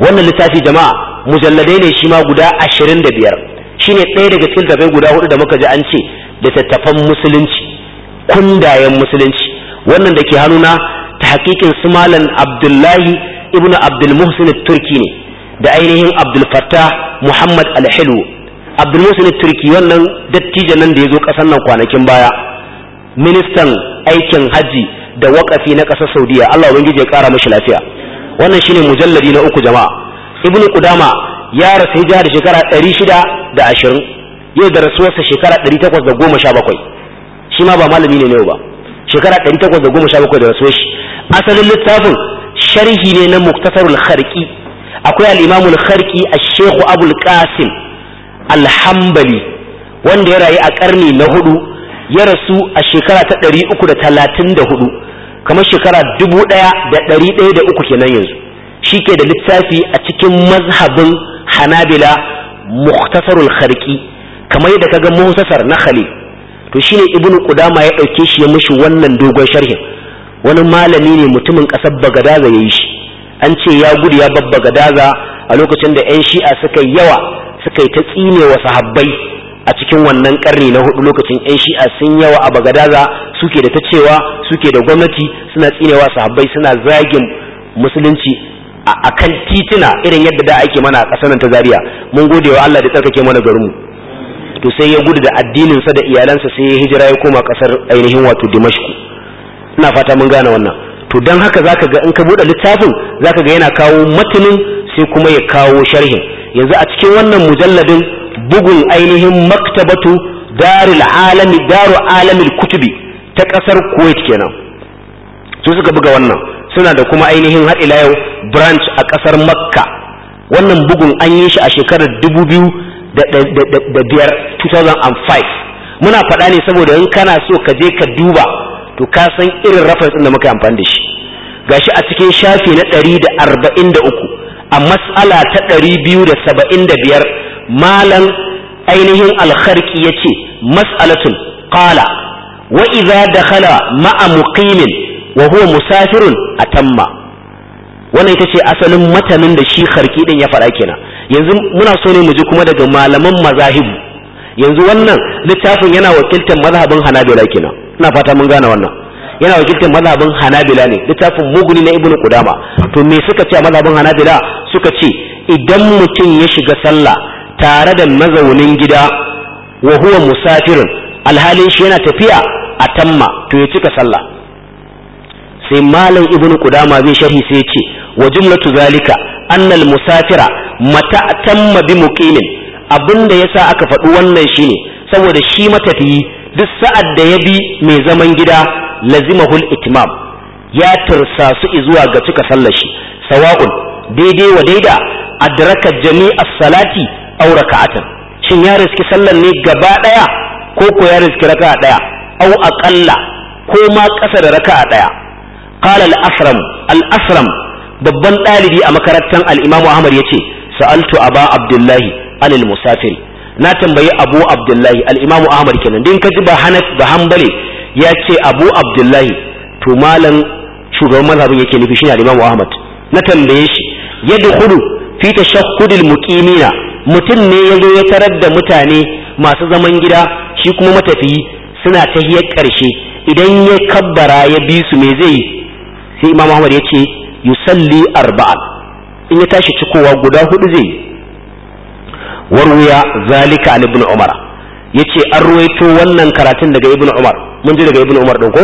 wannan littafi jama'a mujalladai ne shi ma guda 25 shine ɗaya daga cikin tafai guda hudu da muka ji an ce da tattafan musulunci kundayen musulunci wannan da ke hannuna ta hakikin su malam abdullahi ibnu abdul muhsin turki ne da ainihin abdul fattah muhammad alhilu abdul musulun turki wannan dattijan nan da ya zo kasan nan kwanakin baya ministan aikin hajji da wakafi na ƙasar saudiya allah ubangiji ya ƙara mashi lafiya wannan shine mujalladi na uku jama'a ibn qudama ya rasu hijira da shekara ɗari shida da ashirin yau da rasuwarsa shekara ɗari takwas da goma sha bakwai shi ma ba malami ne ne ba shekara ɗari takwas da goma sha bakwai da rasuwar shi asalin littafin sharhi ne na muktasarul kharqi akwai al'imamul kharki a shehu abul qasim alhambali wanda ya rayu a karni na hudu ya rasu a shekara ta ɗari uku da da talatin hudu kamar shekara dubu ɗaya ɗaya da da ɗari uku kenan yanzu shi ke da littafi a cikin mazhabin hanabila muhtasarul kharki kamar yadda ga muhtasar na khali to shine ibnu qudama ya ɗauke shi ya mishi wannan dogon sharhin wani malami ne mutumin kasar bagadaza yayi shi an ce ya gudu ya babbaga gadaza a lokacin da 'yan shi'a suka yi yawa suka yi ta tsine wa sahabbai a cikin wannan karni na hudu lokacin 'yan shi'a sun yawa a bagadaza suke da ta cewa suke da gwamnati suna tsinewa sahabbai suna zagin musulunci a kan titina irin yadda da ake mana a ƙasar nan ta Zariya mun gode wa Allah da tsarkake mana garinmu to sai ya gudu da addinin sa da iyalansa sai ya hijira ya koma ƙasar ainihin wato dimashku ina fata mun gane wannan to don haka zaka ga in ka buɗe littafin zaka ga yana kawo matanin sai kuma ya kawo sharhin yanzu a cikin wannan mujalladin bugun ainihin maktabatu darul daru alamil kutubi ta ƙasar kuwait kenan su suka buga wannan suna da kuma ainihin har ila yau branch a ƙasar makka wannan bugun an yi shi a shekarar dubu biyar 2005 muna faɗa ne saboda in kana so ka je ka duba to ka san irin reference din da muka amfani da shi gashi a cikin shafi na 143 a mas'ala ta ɗari biyu da saba'in da biyar malan ainihin alkharki ya ce mas'alatun ƙala wa iza dakhala ma'a muqimin wa huwa musafirun atamma wannan ita ce asalin matanin da shi kharki din ya faɗa kenan yanzu muna so ne mu ji kuma daga malaman mazahibu yanzu wannan littafin yana wakiltar mazhabin hanabila kenan ina fata mun gane wannan yana wakiltar mazhabin hanabila ne littafin muguni na ibnu qudama to me suka ce a mazhabin hanabila suka ce idan mutum ya shiga sallah tare da mazaunin gida wa huwa musafirin alhalin shi yana tafiya a tamma to ya cika sallah sai malam ibnu qudama zai sharhi sai ya ce wa jumlatu zalika annal musafira mata tamma bi muqimin abinda yasa aka faɗi wannan shine saboda shi matafiyi duk sa'ad da ya bi mai zaman gida lazimahul itimam ya tursa su zuwa ga cika sallar shi sawa'un daidai wa daida adraka jami'a salati aw raka'atan shin ya riski sallar ne gaba ɗaya ko ko ya riski raka'a ɗaya? Au aqalla ko ma ƙasa da raka'a daya qala al-asram al-asram babban ɗalibi a makarantar al-imam Ahmad yace sa'altu aba abdullahi anil musafiri na tambayi abu abdullahi al'imamu ahmad kenan din ka ji ba hambale ya ce abu abdullahi to malam shugaban mazhabin yake nufi shine al'imamu ahmad na tambaye shi yadda hudu fita shakkudil muqimina mutum ne ya zo ya tarar da mutane masu zaman gida shi kuma matafiyi suna ta hiyar karshe idan ya kabbara ya bi su me zai sai imamu ahmad ya ce yusalli arba'a in ya tashi cikowa guda hudu zai yi warwuya zalika an ibn umar yace an ruwaito wannan karatun daga ibn umar mun ji daga ibn umar din ko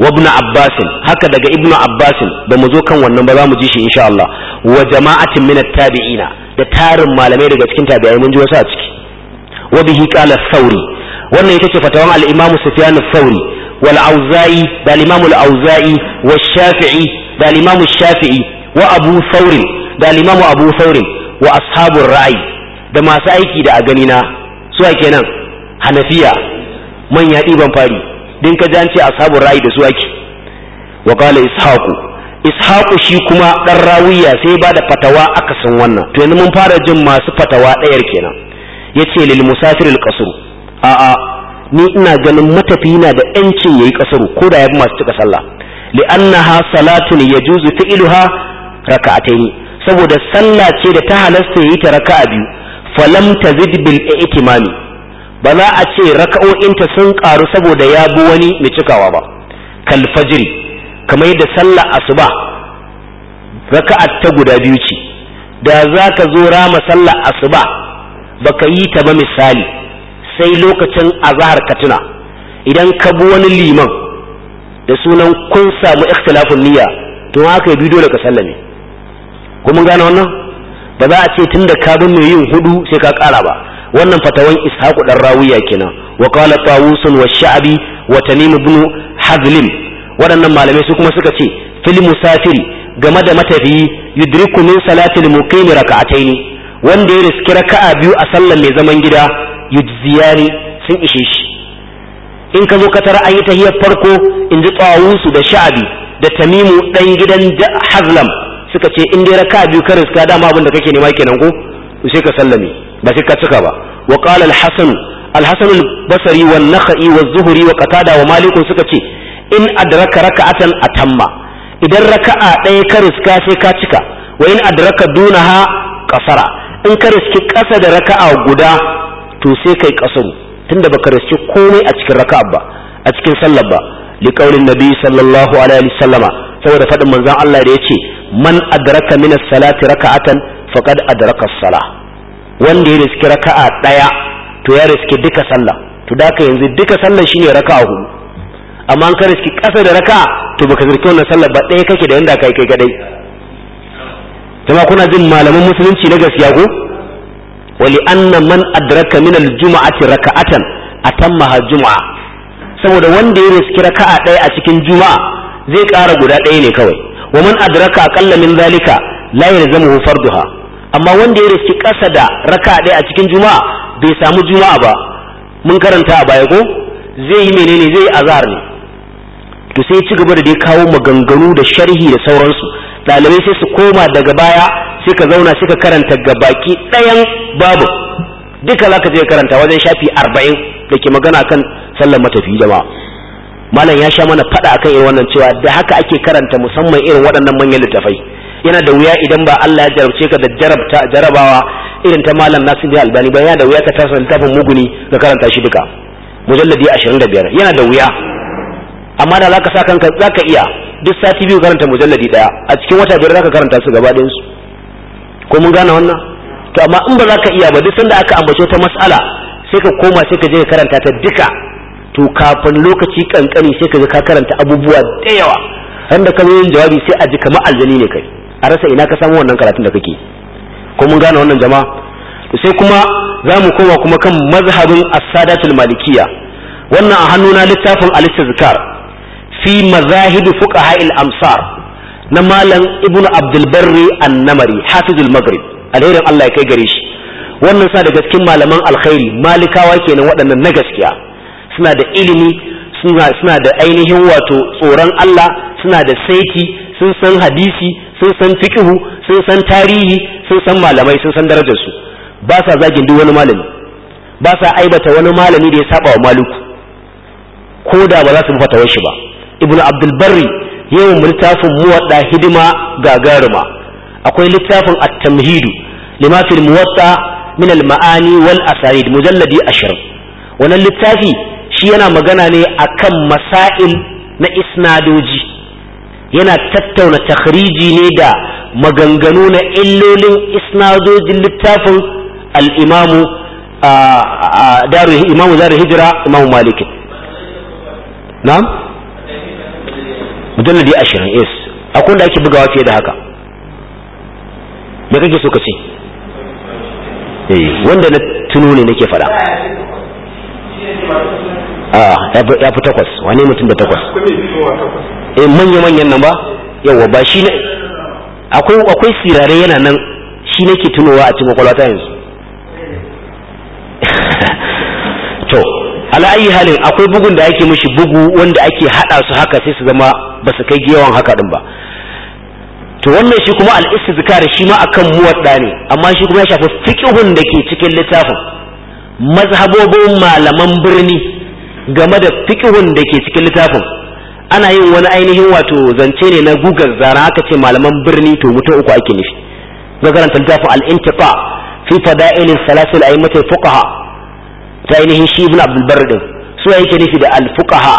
wa ibn abbas haka daga ibn abbas ba mu zo kan wannan ba za mu ji shi insha Allah wa jama'atin min at-tabi'ina da tarin malamai daga cikin tabi'ai mun ji wasu a ciki wa bihi qala thawri wannan ita ce fatawan al-imam sufyan thawri wal auza'i da al-imam al-auza'i wa shafi'i da al-imam shafi'i wa abu thawri da al-imam abu thawri wa ashabun ra'i da masu aiki da a gani na su ake nan hanafiya manya ɗiban fari din ka jance sabon ra'ayi da su ake wa kala ishaqu ishaqu shi kuma dan rawiya sai ba da fatawa akasin wannan to yanzu mun fara jin masu fatawa ɗayar kenan yace lil musafir al qasru a a ni ina ganin matafi na da yancin yayi kasuru ko da yabi masu cika sallah li annaha salatun yajuzu fi'luha raka'ataini saboda sallah ce da ta halasta yayi ta raka'a biyu falam tazid bil i'timami ba za a ce raka'o'inta sun karu saboda ya bi wani mai cikawa ba kal fajri kamar yadda sallar asuba raka'at ta guda biyu ce da za ka zo rama sallar asuba baka yi ta ba misali sai lokacin azahar ka tuna idan ka bi wani liman da sunan kun samu ikhtilafun niyya to haka ya bi da ka sallame ko gane wannan ba za a ce tun da ka mai yin hudu sai ka ƙara ba wannan fatawan ishaku dan rawiya kenan wa qala tawusun wa sha'bi wa tanim ibn hazlim waɗannan malamai su kuma suka ce fil musafiri game da matafiyi yudriku min salatil muqim raka'ataini wanda ya riski raka'a biyu a sallar mai zaman gida yujziyani sun ishe shi in ka zo ka tara an yi tahiyar farko in ji tawusu da sha'bi da tamimu dan gidan hazlam suka ce in dai raka biyu ka riska dama abin da kake nema kenan ko sai ka sallame ba sai ka cika ba wa qala al-hasan al-hasan al-basri wa nakhai wa zuhri wa qatada wa malik suka ce in adraka raka'atan atamma idan raka'a ɗaya ka riska sai ka cika wa in adraka dunaha kasara. in ka riski ƙasa da raka'a guda to sai kai kasaru tunda baka riski komai a cikin raka'a ba a cikin sallar ba li qaulin nabi sallallahu alaihi wasallama saboda faɗin manzon Allah da yace man adraka min as-salati raka'atan faqad adraka as wanda ya riski raka'a daya to ya riski duka sallah to da ka yanzu duka sallah shine raka'a hudu amma an ka riski kasa da raka'a to baka zirki wannan sallah ba daya kake da yanda kai kai kadai jama'a kuna jin malaman musulunci na gaskiya ko wali anna man adraka min al-jum'ati raka'atan atammaha juma'a. saboda wanda ya riski raka'a ɗaya a cikin juma'a zai ƙara guda ɗaya ne kawai wa man adraka aqalla min zalika la yalzamuhu farduha amma wanda ya riski ƙasa da raka'a ɗaya a cikin juma'a bai samu juma'a ba mun karanta a baya ko zai yi menene zai yi azhar ne to sai ci gaba da dai kawo maganganu da sharhi da sauransu ɗalibai sai su koma daga baya sai ka zauna sai ka karanta baki ɗayan babu duka za ka je karanta wajen shafi arba'in da ke magana kan sallan matafi jama'a malam ya sha mana faɗa akan irin wannan cewa da haka ake karanta musamman irin waɗannan manyan littafai yana da wuya idan ba Allah ya jarabce ka da jarabta jarabawa irin ta malam Nasir Albani ba yana da wuya ka tarsa littafin muguni ka karanta shi duka mujalladi 25 yana da wuya amma da zaka sa kanka zaka iya duk sati biyu karanta mujalladi daya a cikin wata biyar zaka karanta su gaba ɗayan su ko mun gane wannan to amma in ba zaka iya ba duk sanda aka ambace ta mas'ala sai ka koma sai ka je ka karanta ta duka to kafin lokaci kankani sai kaga ka karanta abubuwa da yawa ran ka zo yin jawabi sai a ji kamar aljani ne kai a rasa ina ka samu wannan karatun da kake ko mun gane wannan jama'a sai kuma za mu koma kuma kan mazhabin as-sadatul malikiyya wannan a hannuna littafin al-istizkar fi mazahib fuqaha al-amsar na malam ibnu abdul barri an-namari hafizul maghrib alherin Allah ya kai gare shi wannan sa daga cikin malaman alkhairi malikawa kenan waɗannan na gaskiya suna da ilimi suna da ainihin wato tsoron Allah suna da saiti sun san hadisi sun san fikihu sun san tarihi sun san malamai sun san darajarsu ba sa zagin duk wani malami ba sa aibata wani malami da ya saba wa maluku ko da ba za su fatawar shi ba ibnu abdul barri yawan littafin muwadda hidima gagaruma akwai littafin at-tamhidu lima fil min al-ma'ani wal asarid mujalladi 20 wannan littafi shi yana magana ne akan masail na isnadoji yana tattauna takhriji ne da maganganu na illolin isnadojin littafin al'imamu imamu zarar hijira imamu malikin na'am mujalladi ashirin yes akwai da ake bugawa fiye da haka me kake so ka ce eh, wanda na tuno ne nake faɗa Ah, ya fi takwas wani mutum da takwas in eh, manya-manyan nan ba yawa ba shi ne akwai sirare yana nan shi ke tunowa a cikin kwakwalwa yanzu to ala'ayi halin akwai bugun da ake mishi bugu wanda ake hada su haka sai su zama ba su kai yawan haka din ba to wannan shi kuma al-istizkar shi ma akan muwadda ne amma shi kuma ya shafi fiqhun da ke cikin littafin mazhabobin malaman birni game da fikihun da ke cikin littafin ana yin wani ainihin wato zance ne na gugar zara haka ce malaman birni to mutum uku ake nufi ga karanta littafin al-intiqa fi fada'il a a'immat al-fuqaha ta ainihin shi ibn abdul barr din su yake nufi da al-fuqaha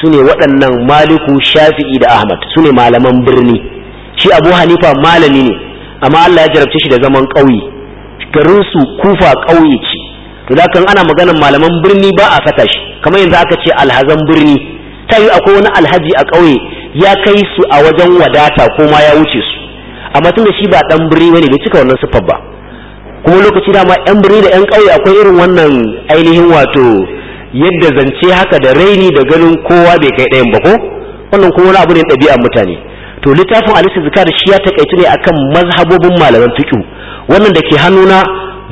sune waɗannan maliku shafi'i da ahmad sune malaman birni shi abu hanifa malami ne amma Allah ya jarabce shi da zaman ƙauye garinsu kufa ƙauye ce to da kan ana maganar malaman birni ba a saka shi kamar yanzu aka ce alhazan birni ta yi akwai wani alhaji a ƙauye ya kai su a wajen wadata ko ma ya wuce su amma tun da shi ba dan birni bane bai cika wannan siffar ba kuma lokaci dama yan birni da yan ƙauye akwai irin wannan ainihin wato yadda zance haka da raini da ganin kowa bai kai ɗayan ba ko wannan kuma wani abu ne ɗabi'ar mutane to littafin alisu zikar shi ya takaitu ne akan mazhabobin malaman fiqh wannan da ke hannuna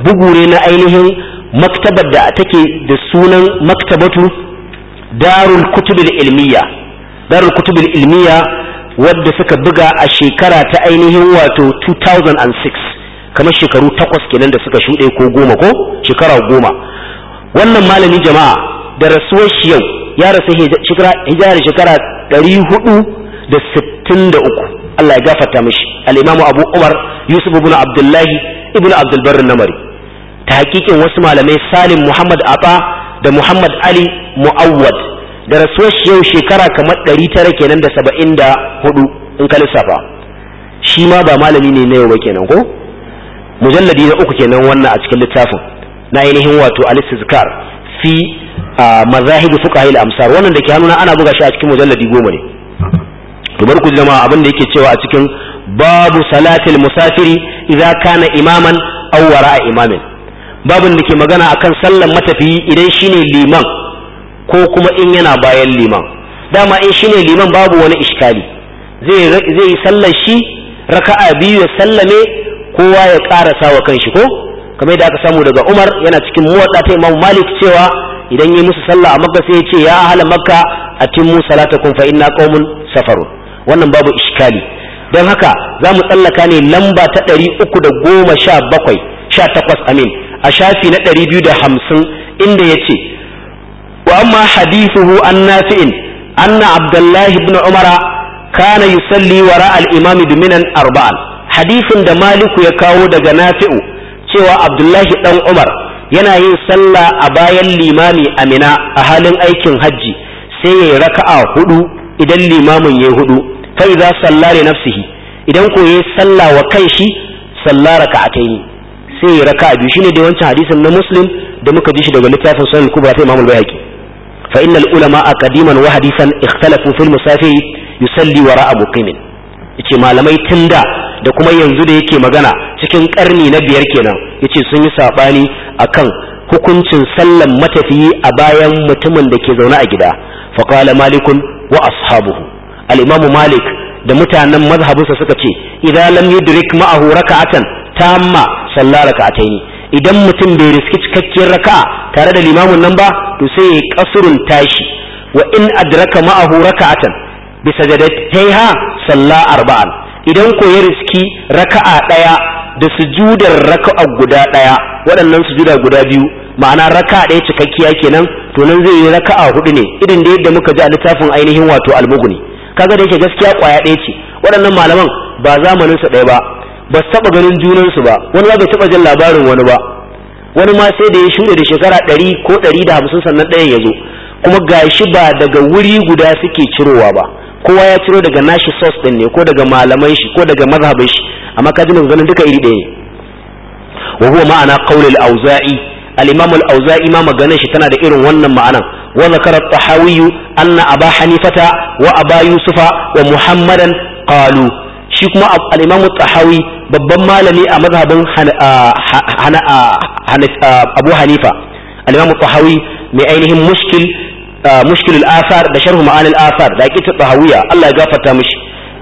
bugure na ainihin maktabar da take da sunan maktabatu darul kutubil ilmiya darul kutubil ilmiya wadda suka buga a shekara ta ainihin wato 2006 kamar shekaru takwas kenan da suka shuɗe ko goma ko shekara goma wannan malami jama'a da rasuwar shi yau ya rasu hijira shekara 463 Allah ya gafarta mishi al-Imam Abu Umar Yusuf ibn Abdullahi ibn Abdul Barr namari hakikin wasu malamai Salim Muhammad Aba da Muhammad Ali Muawwad da rasuwar shi yau shekara kamar ɗari tara kenan da saba'in da hudu in ka lissafa shi ma ba malami ne na yau ba kenan ko mujalladi na uku kenan wannan a cikin littafin na ainihin wato al-istizkar fi mazahib fuqaha al-amsar wannan da ke hannuna ana buga shi a cikin mujalladi goma ne to bar ku jama'a abin da yake cewa a cikin babu salatil musafiri idza kana imaman aw wara'a imamin babin da ke magana akan sallan matafiyi idan shine liman ko kuma in yana bayan liman dama in shine liman babu wani iskali zai yi sallar shi raka'a biyu ya sallame kowa ya karasa wa kanshi ko kamar yadda aka samu daga Umar yana cikin muwadda ta Imam Malik cewa idan yi musu sallah a Makka sai ya ce ya ahla Makka atimmu salatakum fa inna qaumun safaru wannan babu iskali don haka za mu tsallaka ne lamba ta ɗari uku da goma sha bakwai sha takwas amin a shafi na ɗari biyu da hamsin inda yace wa amma hadithuhu an nafi'in anna abdullahi ibn umara kana yusalli wara al imami biminan arba'an hadisin da maliku ya kawo daga nafi'u cewa abdullahi dan umar yana yin sallah a bayan limami amina a halin aikin hajji sai ya yayi raka'a hudu idan limamin yayi hudu kai za salla li nafsihi idan ko yi sallah wa kai shi salla yi. sai ya raka biyu shine da wancan hadisin na muslim da muka ji shi daga littafin sunan kubra ta imam bayhaqi fa innal ulama qadiman wa hadisan ikhtalafu fil musafiri yusalli wara'a muqimin yace malamai tunda da kuma yanzu da yake magana cikin karni na biyar kenan yace sun yi sabani akan hukuncin sallan matafiyi a bayan mutumin da ke zaune a gida fa qala malikun wa ashabuhu al imamu malik da mutanen mazhabinsa suka ce idan lam yudrik ma'ahu raka'atan tamma salla ne idan mutum bai riski cikakkiyar raka'a tare da limamin nan ba to sai ya kasurun tashi wa in adraka ma'ahu raka'atan bi taiha salla arba'an idan ko ya riski raka'a daya da sujudar raka'a guda daya waɗannan sujuda guda biyu ma'ana raka'a daya cikakkiya kenan to nan zai yi raka'a hudu ne irin da yadda muka ji a littafin ainihin wato almuguni kaga da yake gaskiya kwaya ɗaya ce waɗannan malaman ba zamanin su ɗaya ba ba su taɓa ganin junansu ba wani ba bai taɓa jin labarin wani ba wani ma sai da ya shuɗe da shekara ɗari ko ɗari da hamsin sannan ɗayan ya zo kuma ga shi ba daga wuri guda suke cirowa ba kowa ya ciro daga nashi sos ɗin ne ko daga malamai shi ko daga mazhabin shi amma ka ji ganin duka iri ɗaya wa huwa ma'ana qaulul auza'i al-imam al-auza'i ma maganar shi tana da irin wannan ma'anan wa zakara at anna aba hanifata wa aba yusufa wa muhammadan qalu shi kuma al-imam babban malami a mazhabin abu hanifa mai ainihin mushkil mushkilul asar da sharhu ma'anil asar da aqita tahawiya Allah ya gafarta mishi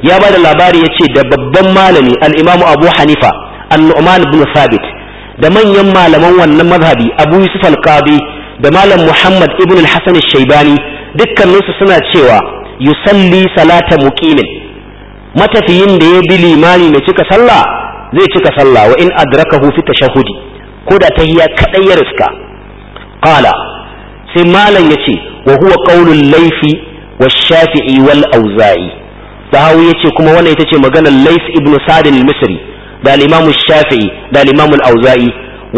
ya bada labari ya ce da babban malami al abu hanifa al numan ibn thabit da manyan malaman wannan mazhabi abu yusuf al-qadi da malam muhammad ibn al-hasan al-shaybani dukkaninsu suna cewa yusalli salata muqimin matafiyin da ya bi limani mai cika sallah zai cika sallah wa in adrakahu fi tashahudi ko da tahiyya kadai ya riska qala sai malam yace wa huwa qaulul laifi wa shafi'i wal auza'i sahawi yace kuma wannan ita ce maganar lais ibnu sa'd al-misri da al-imam shafi'i da al-imam al-auza'i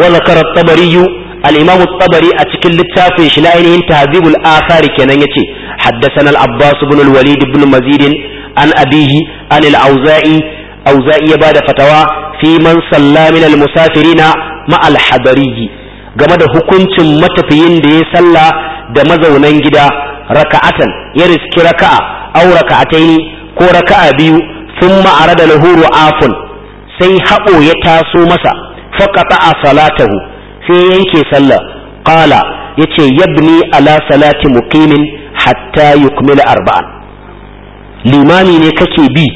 wa zakara at-tabari الإمام الطبري أتكل التافي شلائنه تهذيب الآثار kenan yace حدثنا العباس بن الوليد بن مزيد an abihi an al-auza'i auza'i ya bada fatawa fi man salla min al-musafirina ma al-hadari game da hukuncin matafiyin da ya salla da mazaunan gida raka'atan ya riski raka'a aw raka'ataini ko raka'a biyu thumma arada lahu ru'afun sai haɓo ya taso masa faqata a salatahu sai yanke sallah qala yace yabni ala salati muqimin hatta yukmila arba'an limami ne kake bi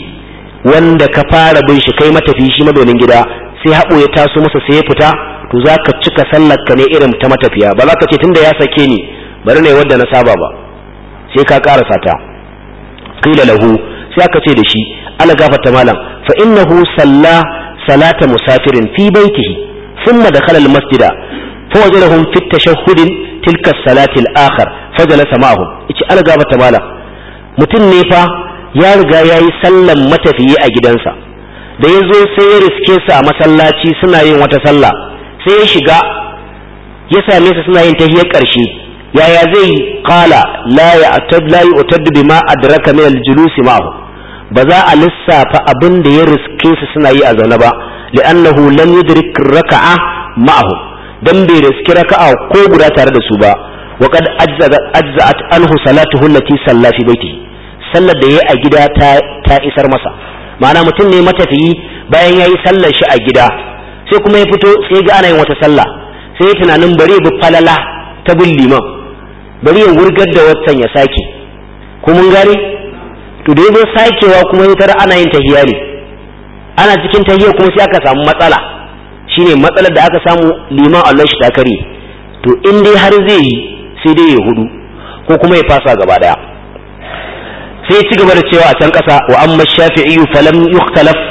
wanda ka fara bin shi kai matafi shi madonin gida sai haɓo ya taso masa sai ya fita to za ka cika sallar ka ne irin ta matafiya ba za ka ce tunda ya sake ni bari ne wadda na saba ba sai ka ƙara sata qila lahu sai aka ce da shi ala gafarta malam fa innahu salla salata musafirin fi baitihi thumma dakhala al-masjida fa wajadahum fi tashahhud tilka as-salati al-akhar fa jalasa ma'ahum ichi ala gafarta malam mutum ne fa ya riga ya yi sallan matafiyi a gidansa da ya zo sai ya riske su a masallaci suna yin wata sallah sai ya shiga ya same su suna yin tahiyar ƙarshe yaya zai yi la la ya'tad la bima adraka min al aljulusi ma? ba za a lissafa abin da ya riske su suna yi a zaune ba li'annahu lam yudrik raka'a ma'ahu dan bai riske raka'a ko guda tare da su ba wa qad ajza'at anhu salatuhu allati salla fi baitihi sallar da yayi a gida ta ta isar masa ma'ana mutum ne matafiyi bayan ya yi sallar shi a gida sai kuma ya fito sai ga ana yin wata sallah sai ya tunanin bari ya bi falala ta bin liman bari ya wurgar da watan ya sake ko mun gare to da yazo sakewa kuma ya tara ana yin tahiyya ana cikin tahiyya kuma sai aka samu matsala shine matsalar da aka samu liman Allah shi takare to in dai har zai yi sai dai ya hudu ko kuma ya fasa gaba daya sai ci gaba da cewa a can ƙasa wa amma shafi'i falam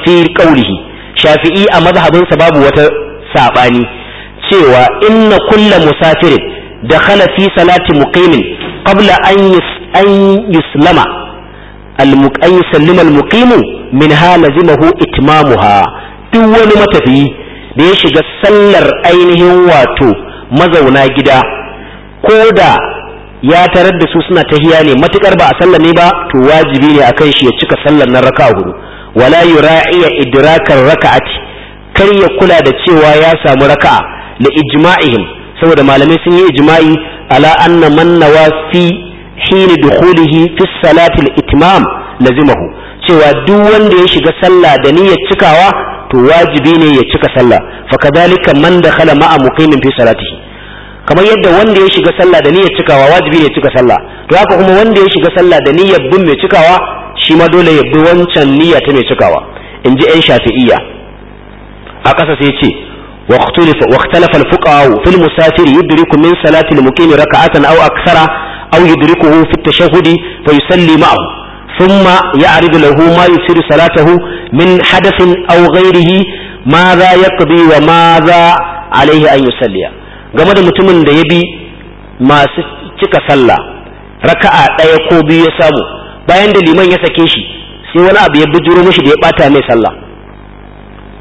fi qawlihi shafi'i a mazhabinsa babu wata sabani cewa inna kulla musafirin dakhala fi salati muqimin qabla an an yuslama al an yusallima al muqimu min halazimahu itmamuha duk wani matafiyi da ya shiga sallar ainihin wato mazauna gida ko da ya tarar da su suna tahiya ne matukar ba a sallame ba to wajibi ne akan shi ya cika sallar nan raka'a huɗu wala yura'iya idrakar raka'ati kar ya kula da cewa ya samu raka'a la ijma'ihim saboda malamai sun yi ijma'i ala anna man nawafi hini dukhulihi fi salati al-itmam lazimahu cewa duk wanda ya shiga sallah da niyyar cikawa to wajibi ne ya cika sallah fa kadhalika man dakhala ma'a muqimin fi salatihi kamar yadda wanda ya shiga sallah da niyyar cikawa wajibi ne cika sallah to haka kuma wanda ya shiga sallah da niyyar bin mai cikawa shi ma dole ya bi wancan niyya ta mai cikawa in ji 'yan shafi'iyya a ƙasa sai ce واختلف الفقهاء في المسافر يدرك من صلاة المقيم ركعة أو أكثر أو يدركه في التشهد فيصلي معه ثم يعرض له ما يسير صلاته من حدث أو غيره ماذا يقضي وماذا عليه أن يصلي game da mutumin da ya bi masu cika sallah raka'a ɗaya ko biyu ya samu bayan da liman ya sake shi sai wani abu ya bujuro mishi da ya bata mai sallah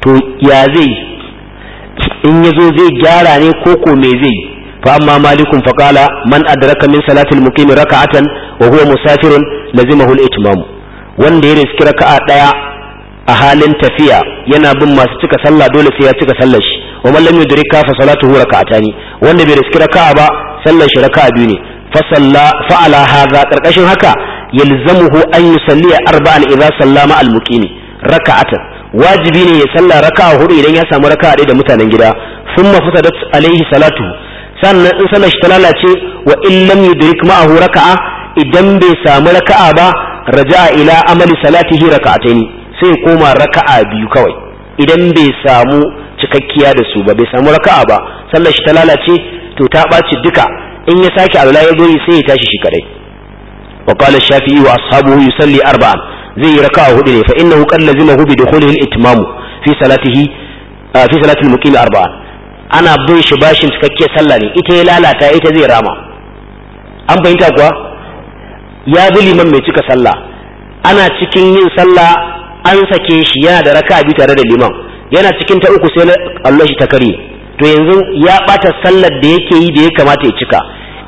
to ya zai in ya zo zai gyara ne ko ko me zai fa amma malikun faqala man adraka min salatil muqimi raka'atan wa huwa musafirun lazimahu al-itmam wanda ya riski raka'a ɗaya a halin tafiya yana bin masu cika sallah dole sai ya cika sallar shi wa man lam yudrika fa salatuhu raka'atani wanda bai riski raka'a ba sallan shi raka'a biyu ne fa salla fa ala hadha karkashin haka yalzamuhu an yusalli arba'an idza sallama al muqimi raka'atan wajibi ne ya salla raka'a hudu idan ya samu raka'a da mutanen gida thumma fusadat alaihi salatu sannan in sallar shi ta lalace wa in lam yudrik ma'ahu raka'a idan bai samu raka'a ba raja'a ila amali salatihi raka'ataini sai koma raka'a biyu kawai idan bai samu cikakkiya da su ba bai samu raka'a ba sallar shi ta lalace to ta ɓaci duka in ya sake alwala ya zoyi sai ya tashi shi kadai wa qala shafi'i wa ashabuhu yusalli arba'an zai yi raka'a hudu ne fa innahu qad hu bi dukhulihi al itmam fi salatihi fi salati al-muqim arba'an ana bin shi bashin cikakkiyar sallah ne ita ya lalata ita zai rama an fahimta kuwa ya bi liman mai cika sallah ana cikin yin sallah an sake shi yana da raka'a biyu tare da liman yana cikin ta uku sai Allah shi ta kare to yanzu ya bata sallar da yake yi da ya kamata ya cika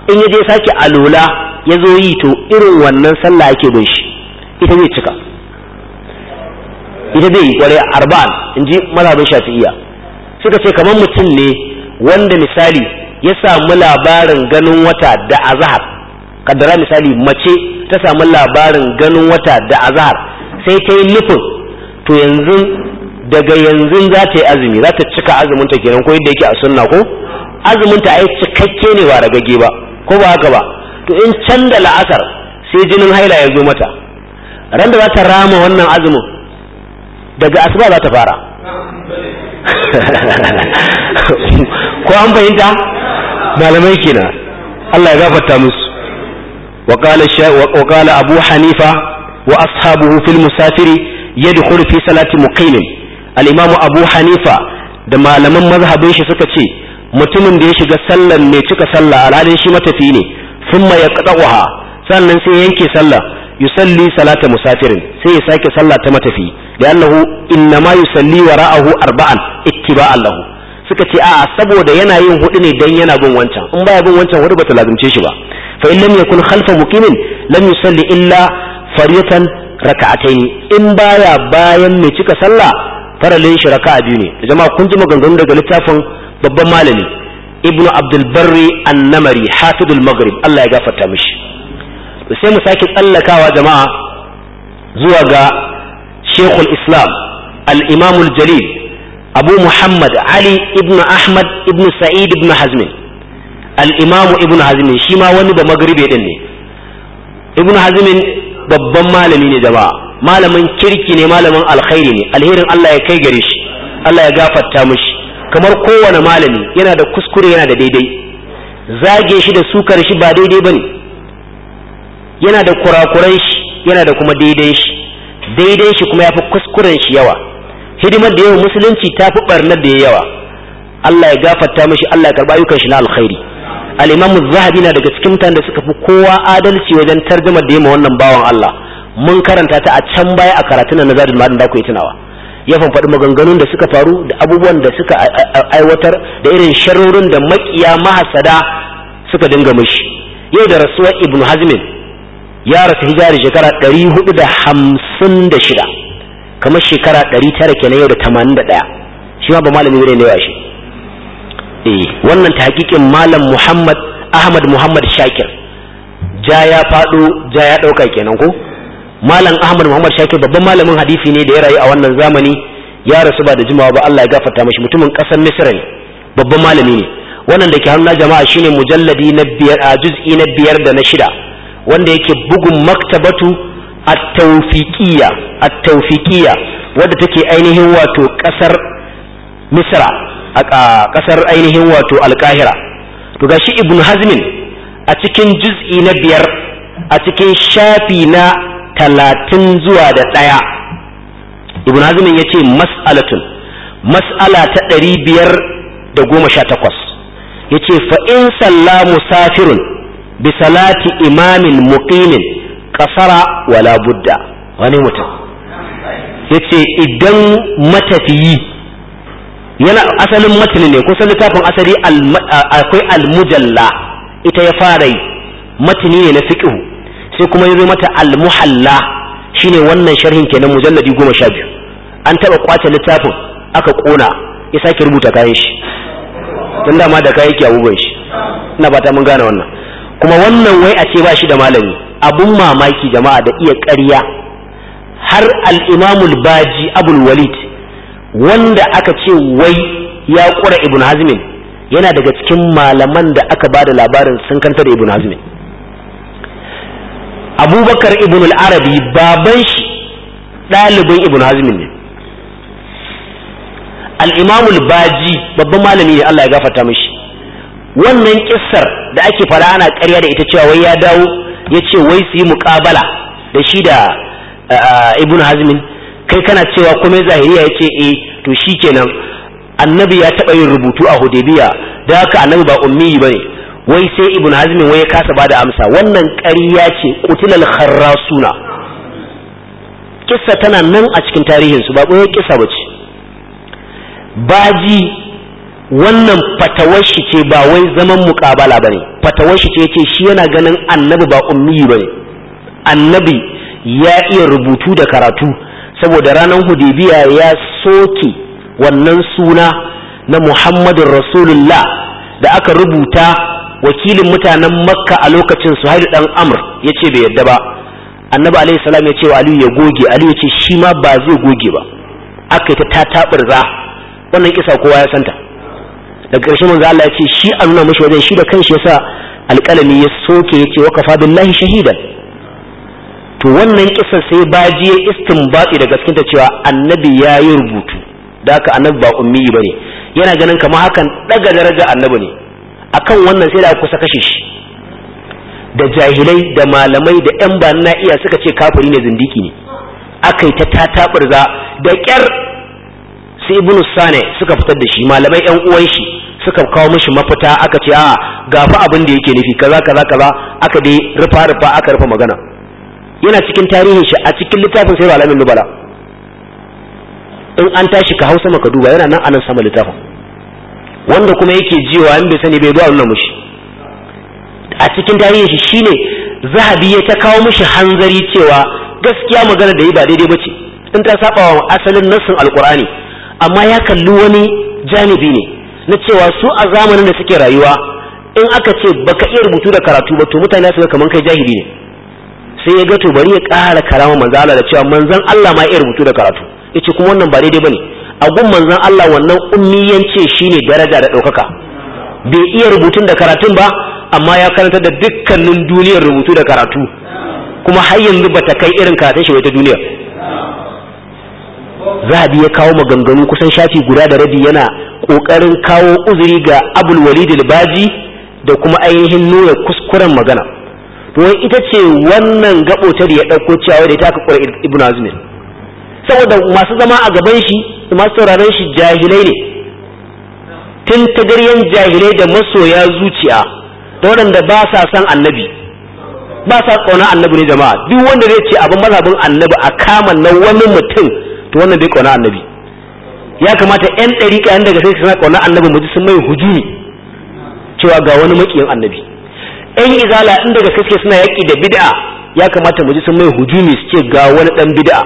in ya je sake alola ya zo yi to irin wannan sallah yake bin shi ita zai cika ita zai yi arba'an in ji mazhabin shafi'iyya suka ce kamar mutum ne wanda misali ya samu labarin ganin wata da azhar kaddara misali mace ta samu labarin ganin wata da azhar sai ta yi nufin to yanzu daga yanzu za ta yi azumi za ta cika azuminta kenan ko yadda yake a sunna ko azuminta ai cikakke ne ba ragage ba ko ba haka ba to in can da la'asar sai jinin haila ya zo mata ran da za ta rama wannan azumin daga asuba za ta fara ko an fahimta malamai kenan Allah ya gafarta musu wa abu hanifa wa وأصحابه fil musafiri yadkhulu fi salati مقيم al'imamu abu hanifa da malaman mazhabin shi suka ce mutumin da ya shiga sallan mai cika sallah alhalin shi matafi ne sun ya kaɗa'uha sannan sai yanke sallah yusalli salata musafirin sai ya sake sallah ta matafi da allahu inna ma yusalli wa ra'ahu arba'an ittiba allahu suka ce a'a saboda yana yin hudu ne dan yana bin wancan in baya bin wancan hudu bata lazumce shi ba fa in lam yakun khalfa muqimin lam yusalli illa fariyatan raka'atayn in baya bayan mai cika sallah faralin shi raka'a biyu ne jama'a kun ji maganganu daga littafin babban malami ibnu abdul annamari hafidul maghrib Allah ya gafarta mishi to sai mu sake tsallakawa jama'a zuwa ga shekul islam al jalil abu muhammad ali ibn ahmad ibn sa'id ibn hazmin al-imam ibn hazmin shi ma wani da maghribi din ne ibn hazmin babban malami ne jama'a malamin kirki ne malamin alkhairi ne alherin Allah ya kai gare shi Allah ya gafarta mishi kamar kowane malami yana da kuskure yana da daidai zage shi da sukar shi ba daidai bane yana da kurakuran shi yana da kuma daidai shi daidai shi kuma yafi kuskuren shi yawa hidimar da yawa musulunci tafi barnar da yawa Allah ya gafarta mishi Allah ya karba ayyukan shi na alkhairi al-Imam zahabi na daga cikin mutanen da suka fi kowa adalci wajen tarjumar da yawa wannan bawan Allah mun karanta ta a can baya a karatun na zadul ma'ad da ku yi tunawa ya fanfaɗi maganganun da suka faru da abubuwan da suka aiwatar da irin sharorin da makiya mahasada suka dinga mishi yau da rasuwar Ibn hazmin ya rasu hijari shekara ɗari hudu da hamsin da shida kamar shekara ɗari tara kenan yau da tamanin da ɗaya shi ma ba malami ne ne shi eh wannan ta hakikin malam muhammad ahmad muhammad shakir ja ya faɗo ja ya ɗauka kenan ko malam ahmad muhammad shakir babban malamin hadisi ne da ya rayu a wannan zamani ya rasu ba da jimawa ba Allah ya gafarta mashi mutumin kasar misra ne babban malami ne wannan da ke hannun jama'a shine mujalladi na biyar a juz'i na biyar da na shida wanda yake bugun maktabatu at-tawfiqiyya at-tawfiqiyya wadda take ainihin wato ƙasar misra a ƙasar ainihin wato alkahira to gashi ibn hazmin a cikin juz'i na biyar a cikin shafi na talatin zuwa da ɗaya ibn azumin ya ce mas'alatun mas'ala ta ɗari biyar da goma sha takwas ya ce fa'in salla musafirun bi salati imamin muqimin kasara wala budda wani mutum ya ce idan matafiyi yana asalin matani ne kusan littafin asali akwai almujalla ita ya fara yi matini ne na fiƙihu sai kuma ya zo mata almuhalla muhalla shine wannan sharhin kenan mujalladi goma sha biyu an taɓa kwace littafin aka ƙona ya sake rubuta kayan shi don dama da kayan yake abubuwan shi ina fata mun gane wannan kuma wannan wai a ce ba shi da malami abun mamaki jama'a da iya ƙarya har al-imamul baji abul walid wanda aka ce wai ya ƙura ibn hazmin yana daga cikin malaman da aka ba da labarin sun kanta da ibn hazmin abubakar ibn al-arabi baban shi ɗalibin ibn hazmin ne al-imamul baji babban malami ne Allah ya gafarta mishi wannan kissar da ake fara ana ƙarya da ita cewa wai ya dawo ya ce wai su yi muƙabala da shi da ibn hazmin kai kana cewa kuma zahiriya ya ce e, to shi shikenan annabi ya taɓa yin rubutu a hudaybiya da haka annabi ba ummi bane wai sai ibn hazmin wai ya kasa bada amsa wannan ƙarya ce kutilal kharrasuna kissa tana nan a cikin tarihin su ba ko kissa ce baji wannan fatawashi ce ba wai zaman muƙabala ba ne fatawashi ce yace shi yana ganin annabi ba ummi bane annabi ya iya rubutu da karatu saboda ranar hudibiya ya soke wannan suna na muhammadin rasulullah da aka rubuta wakilin mutanen makka a lokacin su haidu dan amr ya ce bai yadda ba annabi alayhi salam ya ce wa aliyu ya goge aliyu ya ce shi ma ba zai goge ba aka yi ta za. wannan kisa kowa ya santa daga ƙarshe manzo Allah ya ce shi an nuna mashi wajen shi da kanshi yasa alƙalami ya soke ya ce wa kafa billahi shahidan to wannan kisa sai baji ya istinbati da cikin ta cewa annabi ya yi rubutu da haka annabi ba ummi bane yana ganin kamar hakan daga daraja annabi ne akan wannan sai da kusa kashe shi da jahilai da malamai da yan ba na iya suka ce kafiri ne zindiki ne aka yi ta tataɓurza da ƙyar sai ibn sane suka fitar da shi malamai yan uwan shi suka kawo mishi mafita aka ce a gafa abin da yake nufi kaza kaza kaza aka dai rufa rufa aka rufa magana yana cikin tarihin shi a cikin littafin sai alamin nubala in an tashi ka hausa maka duba yana nan anan sama littafin wanda kuma yake jiwa an bai sani bai zuwa nuna mushi a cikin tarihin shi shine zahabi ya ta kawo mushi hanzari cewa gaskiya magana da yi ba daidai bace in ta saba wa asalin nassin alqur'ani amma ya kalli wani janibi ne na cewa su a zamanin da suke rayuwa in aka ce baka iya rubutu da karatu ba to mutane su ga kaman kai jahili ne sai ya ga to bari ya ƙara karama manzo Allah da cewa manzon Allah ma iya rubutu da karatu yace kuma wannan ba daidai bane a gun manzon Allah wannan ummiyance shine daraja da ɗaukaka bai iya rubutun da karatun ba amma ya karanta da dukkanin duniyar rubutu da karatu kuma har yanzu bata kai irin karatun shi ta duniya zahabi ya kawo maganganu kusan shafi guda da rabi yana ƙoƙarin kawo uzuri ga abul walid baji da kuma ainihin nuna kuskuren magana to ita ce wannan ta da ya ɗauko cewa da ita ka ƙura ibn azmin saboda masu zama a gaban shi su masu sauraron shi jahilai ne tun ta tagaryen jahilai da masoya zuciya da waɗanda ba sa san annabi ba sa ƙauna annabi ne jama'a duk wanda zai ce abin mazhabin annabi a kama na wani mutum to wannan bai ƙauna annabi ya kamata yan ɗari ƙayan daga sai suna ƙauna annabi mu ji sun mai hujumi cewa ga wani maƙiyin annabi yan izala inda daga suke suna yaƙi da bid'a ya kamata mu ji sun mai hujumi su ce ga wani ɗan bid'a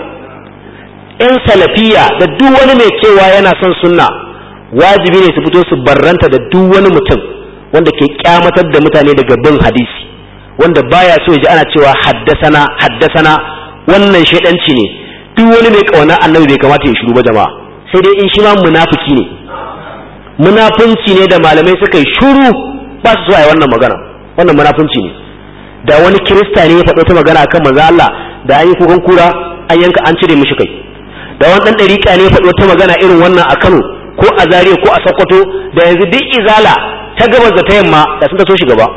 'yan salafiya da duk wani mai cewa yana son sunna wajibi ne su fito su barranta da duk wani mutum wanda ke kyamatar da mutane daga bin hadisi wanda baya so ya ji ana cewa haddasana haddasana wannan shaidanci ne duk wani mai kauna annabi bai kamata ya shiru ba jama'a sai dai in shi ma munafiki ne munafunci ne da malamai suka yi shuru ba su zuwa wannan magana wannan munafunci ne da wani kirista ne ya faɗo ta magana kan manzo Allah da an yi kukan kura an yanka an cire mishi kai da wani ɗan ɗariƙa ne faɗi wata magana irin wannan a Kano ko a Zaria ko a Sokoto da yanzu duk izala ta gabas da ta yamma da sun taso shi gaba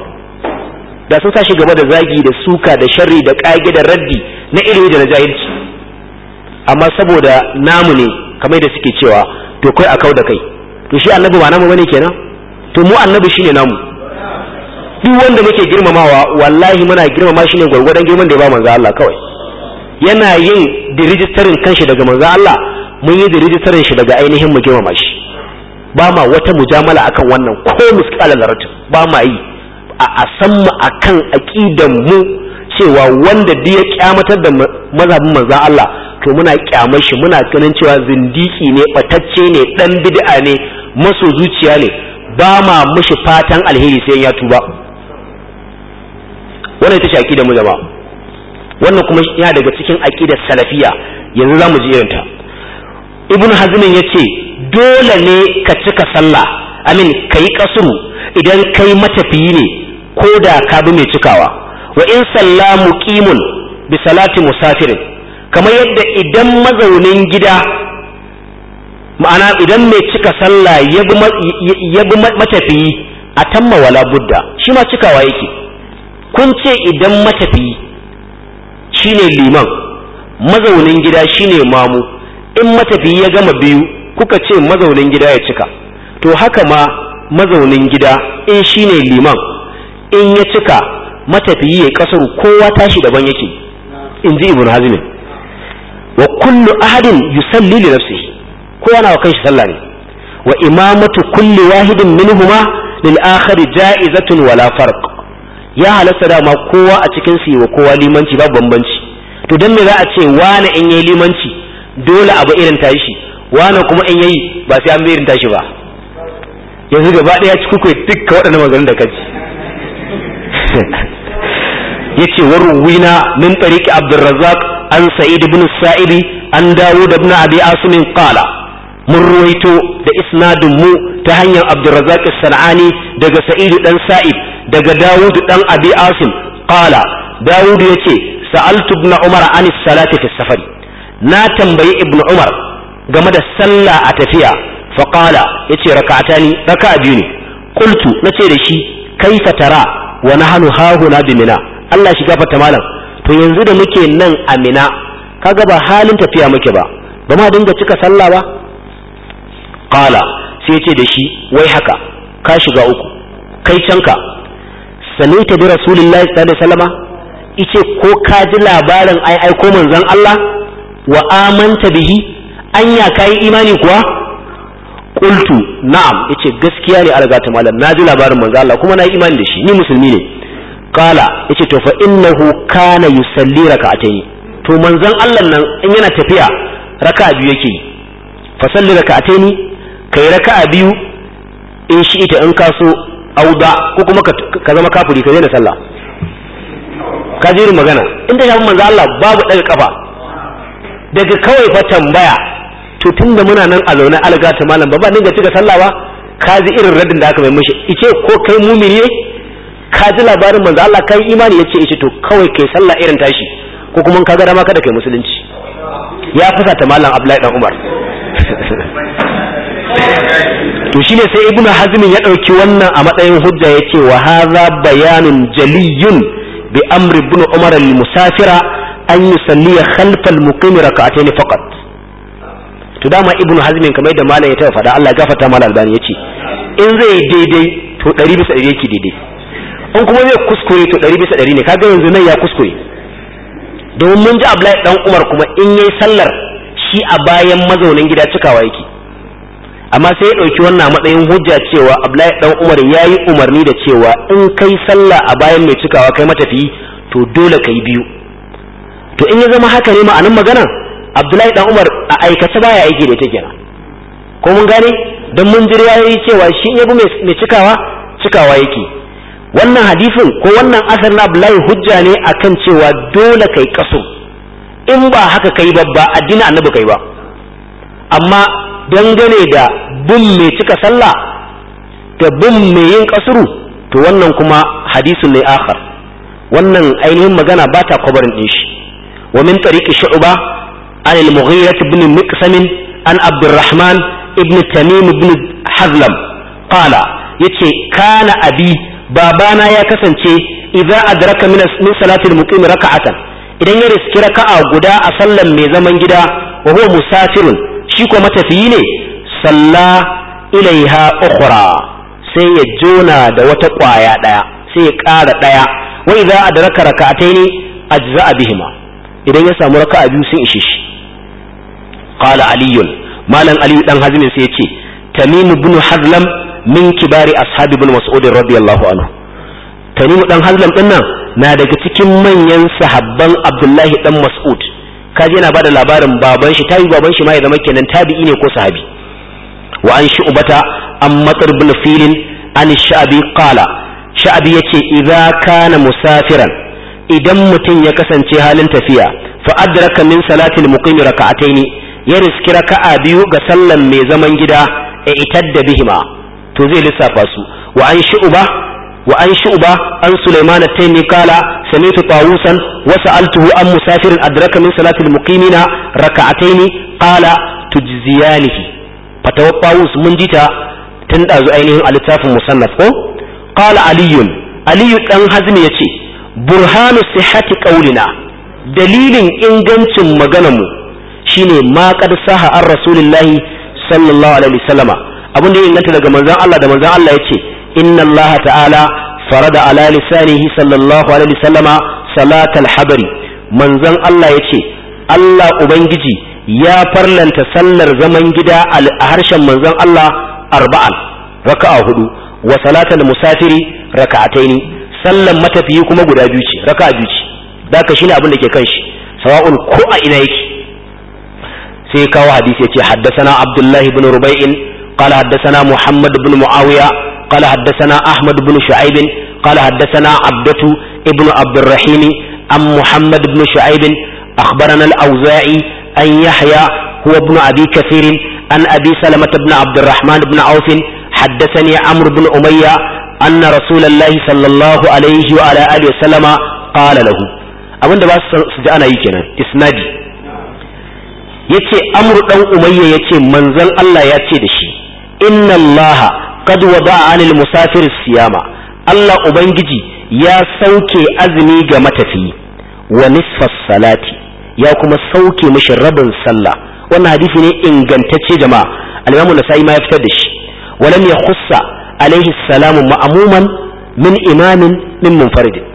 da sun sa shi gaba da zagi da suka da sharri da ƙage da raddi na ilimi da na jahilci amma saboda namu ne kamar da suke cewa to kai a kau da kai to shi annabi ba namu bane kenan to mu annabi shine namu duk wanda muke girmamawa wallahi muna girmama shi ne gwargwadon girman da ya ba manzo Allah kawai yana yin dirijistarin kanshi daga manzo Allah mun yi dirijistarin shi daga ainihin mu girmama shi ba ma wata mujamala akan wannan ko misqala zarratin ba ma yi a san mu akan aqidan mu cewa wanda duk ya kyamatar da mazhabin manzo Allah to muna kyamar shi muna ganin cewa zindiki ne batacce ne dan bid'a ne maso zuciya ne ba ma mushi fatan alheri sai ya tuba wannan ita ce da mu jama'a wannan kuma yana daga cikin aqidar salafiya yanzu zamu mu ji irinta ibn hazmin ya ce dole ne ka cika sallah amin ka yi kasuru idan kai matafiyi ne ko da ka bi mai cikawa wa in salla qimun bi salati musafirin kamar yadda idan mazaunin gida ma'ana idan mai cika sallah ya bi matafiyi a tamma wala budda shi ma cikawa yake kun ce idan matafiyi shine liman mazaunin gida shine mamu in matafiyi ya gama biyu kuka ce mazaunin gida ya cika to haka ma mazaunin gida in shine liman in ya cika matafiyi ya kasaru kowa tashi daban yake in ji ibn hazmin wa kullu ahadin yusalli li nafsihi kowa na wa kanshi sallah ne wa imamatu kulli wahidin minhuma lil akhari ja'izatun wala farq ya halatta dama kowa a cikin su wa kowa limanci ba bambanci to dan me za a ce wani in yayi limanci dole abu irin tashi wani kuma in yayi ba sai an bi irin tashi ba yanzu gaba daya ci kai dukkan waɗannan maganganun da kaji yace warwina min tariqi abdurrazzaq an sa'id ibn sa'ibi an dawud ibn abi asim qala mun ruwaito da isnadin mu ta hanyar abdurrazzaq as-sanani daga sa'id dan sa'id daga Dawud dan Abi Asim qala Dawud yace sa'altu ibn Umar an salati fi safari na tambayi ibn Umar game da sallah a tafiya fa qala yace raka'atani raka'a biyu ne qultu nace da shi kaifa tara wa nahnu hahuna bi mina Allah shi gafarta malam to yanzu da muke nan a mina kaga ba halin tafiya muke ba ba ma dinga cika sallah ba qala sai yace da shi wai haka ka shiga uku kai canka sanita bi rasulillahi sallallahu alaihi wasallama ice ko ka ji labarin ai ko manzon Allah wa amanta bihi anya kai imani kuwa qultu na'am yace gaskiya ne algata malam na ji labarin manzon Allah kuma na yi imani da shi ni musulmi ne qala yace to fa innahu kana yusalli raka'atayn to manzon Allah nan in yana tafiya raka'a biyu yake fa salli raka'atayn kai raka'a biyu in shi ita in kaso auda ko kuma ka zama kafiri ka daina sallah ka jirin magana inda ta manzo Allah babu daga kafa daga kawai fa tambaya to tunda muna nan a zaune alga ta malam baba ga tuka sallah ba ka ji irin radin da aka mai mishi ice ko kai mumini ne ka ji labarin manzo Allah kai imani yace ice to kawai kai sallah irin tashi ko kuma ka ga dama kada kai musulunci ya ta malam Abdullahi dan Umar to shine sai ibnu Hazmin ya dauki wannan a matsayin hujja yace wa hadha bayanun jaliyun bi amri ibnu umar al musafira an yusalli khalfa al muqim rak'atayn faqat to dama ibnu Hazmin kamar da malam ya taba fada Allah gafarta malam albani yace in zai daidai to 100 bisa 100 yake daidai in kuma zai kuskure to 100 bisa 100 ne kaga yanzu nan ya kuskure domin mun ji Abdullahi dan Umar kuma in yayi sallar shi a bayan mazaunin gida cikawa yake amma sai ya ɗauki wannan matsayin hujja cewa Abdullahi dan Umar yayi umarni da cewa in kai sallah a bayan mai cikawa kai matafi to dole kai biyu to in ya zama haka ne ma'anin magana Abdullahi dan Umar a aikace baya aiki da ita kenan ko mun gane dan mun ji yayi cewa shi ya bi mai cikawa cikawa yake wannan hadisin ko wannan asar na Abdullahi hujja ne akan cewa dole kai kaso in ba haka kai babba addinin annabi kai ba amma dangane da bin mai cika sallah da bin mai yin kasuru to wannan kuma hadisun ne akhar wannan ainihin magana ba ta kwabarin din shi wa min tariqi shu'ba an al-mughira ibn miqsam an abdurrahman ibn tamim ibn hazlam qala yace kana abi babana ya kasance idza adraka min al muqim raka'atan idan ya riski raka'a guda a sallan mai zaman gida wa huwa musafirun shi ko matafiyi ne salla ilaiha ukhra sai ya jona da wata kwaya daya sai ya ƙara daya wa idza adraka rak'ataini ajza'a bihima idan ya samu raka'a biyu sun ishe shi qala aliyun malam aliyu dan hazmin sai ya ce tamim ibn hazlam min kibari ashabi ibn mas'ud radiyallahu anhu tamim dan hazlam dinnan na daga cikin manyan sahabban abdullahi dan mas'ud kaji yana bada labarin baban shi tayi baban shi ma ya zama kenan tabi'i ne ko sahabi wa an shu'bata an matsar bin filin an sha'abi qala sha'abi yace idza kana musafiran idan mutum ya kasance halin tafiya fa adraka min salatil muqim raka'ataini ya riski raka'a biyu ga sallan mai zaman gida e itadda bihima to zai lissafa su wa an shu'ba وأن شعبة أن سليمان التيمي قال سمعت طاووسا وسألته أن مسافر أدرك من صلاة المقيمين ركعتين قال تجزيانه فتوى طاووس من جيتا تندأز أينهم الاتاف المصنف قال علي علي أن هزم يتي برهان صحة قولنا دليل إنجنت مغنم شيني ما قد ساها الرسول الله صلى الله عليه وسلم abin da ya inganta daga manzon Allah da manzon Allah ya ce inna Allah ta'ala farada ala lisanihi sallallahu alaihi wasallama salatal habari manzon Allah yace Allah ubangiji ya farlanta sallar zaman gida a harshen manzon Allah arba'an raka'a hudu wa salatal musafiri raka'ataini sallan matafiyi kuma guda biyu ce raka'a biyu ce daka shine abin da ke kan shi sawa'un ko a ina yake sai kawo hadisi yace haddathana Abdullah ibn Rubai'in قال حدثنا محمد بن معاوية قال حدثنا أحمد بن شعيب قال حدثنا عبدة ابن عبد الرحيم عن محمد بن شعيب أخبرنا الأوزاعي أن يحيى هو ابن أبي كثير عن أبي سلمة بن عبد الرحمن بن عوف حدثني عمرو بن أمية أن رسول الله صلى الله عليه وعلى آله وسلم قال له abinda ba su ji ana yi kenan isnadi yace amru dan umayya yace manzon Allah ya ce da shi inna allaha qad wada'a 'anil musafir siyama Allah ubangiji ya sauke azumi ga matafi wa nisfas salati ya kuma sauke mashi rabin sallah wannan hadisi ne ingantacce jama'a al-Imam ma ya fitar da shi walam ya khussa alaihi salamu ma'amuman min imamin min munfaridin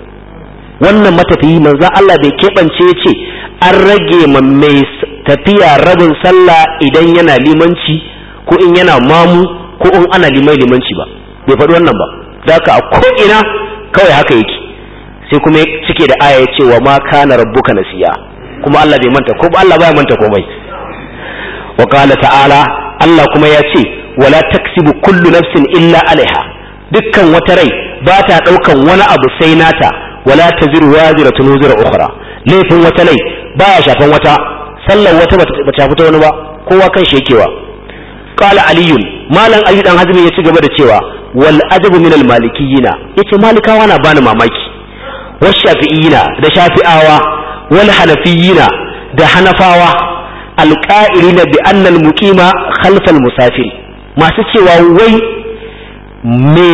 wannan matafiyi manzo Allah bai keɓance ce an rage mai tafiya rabin sallah idan yana limanci ko in yana mamu ko in ana limai limanci ba bai faɗi wannan ba da ka a ina kawai haka yake sai kuma cike da aya ce wa ma kana rabbuka nasiya kuma Allah bai manta ko Allah baya manta komai wa qala ta'ala Allah kuma ya ce wala taksibu kullu nafsin illa alaiha dukkan wata rai ba ta daukan wani abu sai nata wala taziru waziratun wuzra ukhra laifin wata rai baya shafan wata sallar wata bata shafi ta wani ba kowa kan shekewa qala aliyun malam ayu dan hazmi ya ci gaba da cewa wal ajabu min malikiyina yace malikawa na bani mamaki was shafi'ina da shafi'awa wal da hanafawa alqa'ilina bi anna muƙima, muqima khalf musafir masu cewa wai mai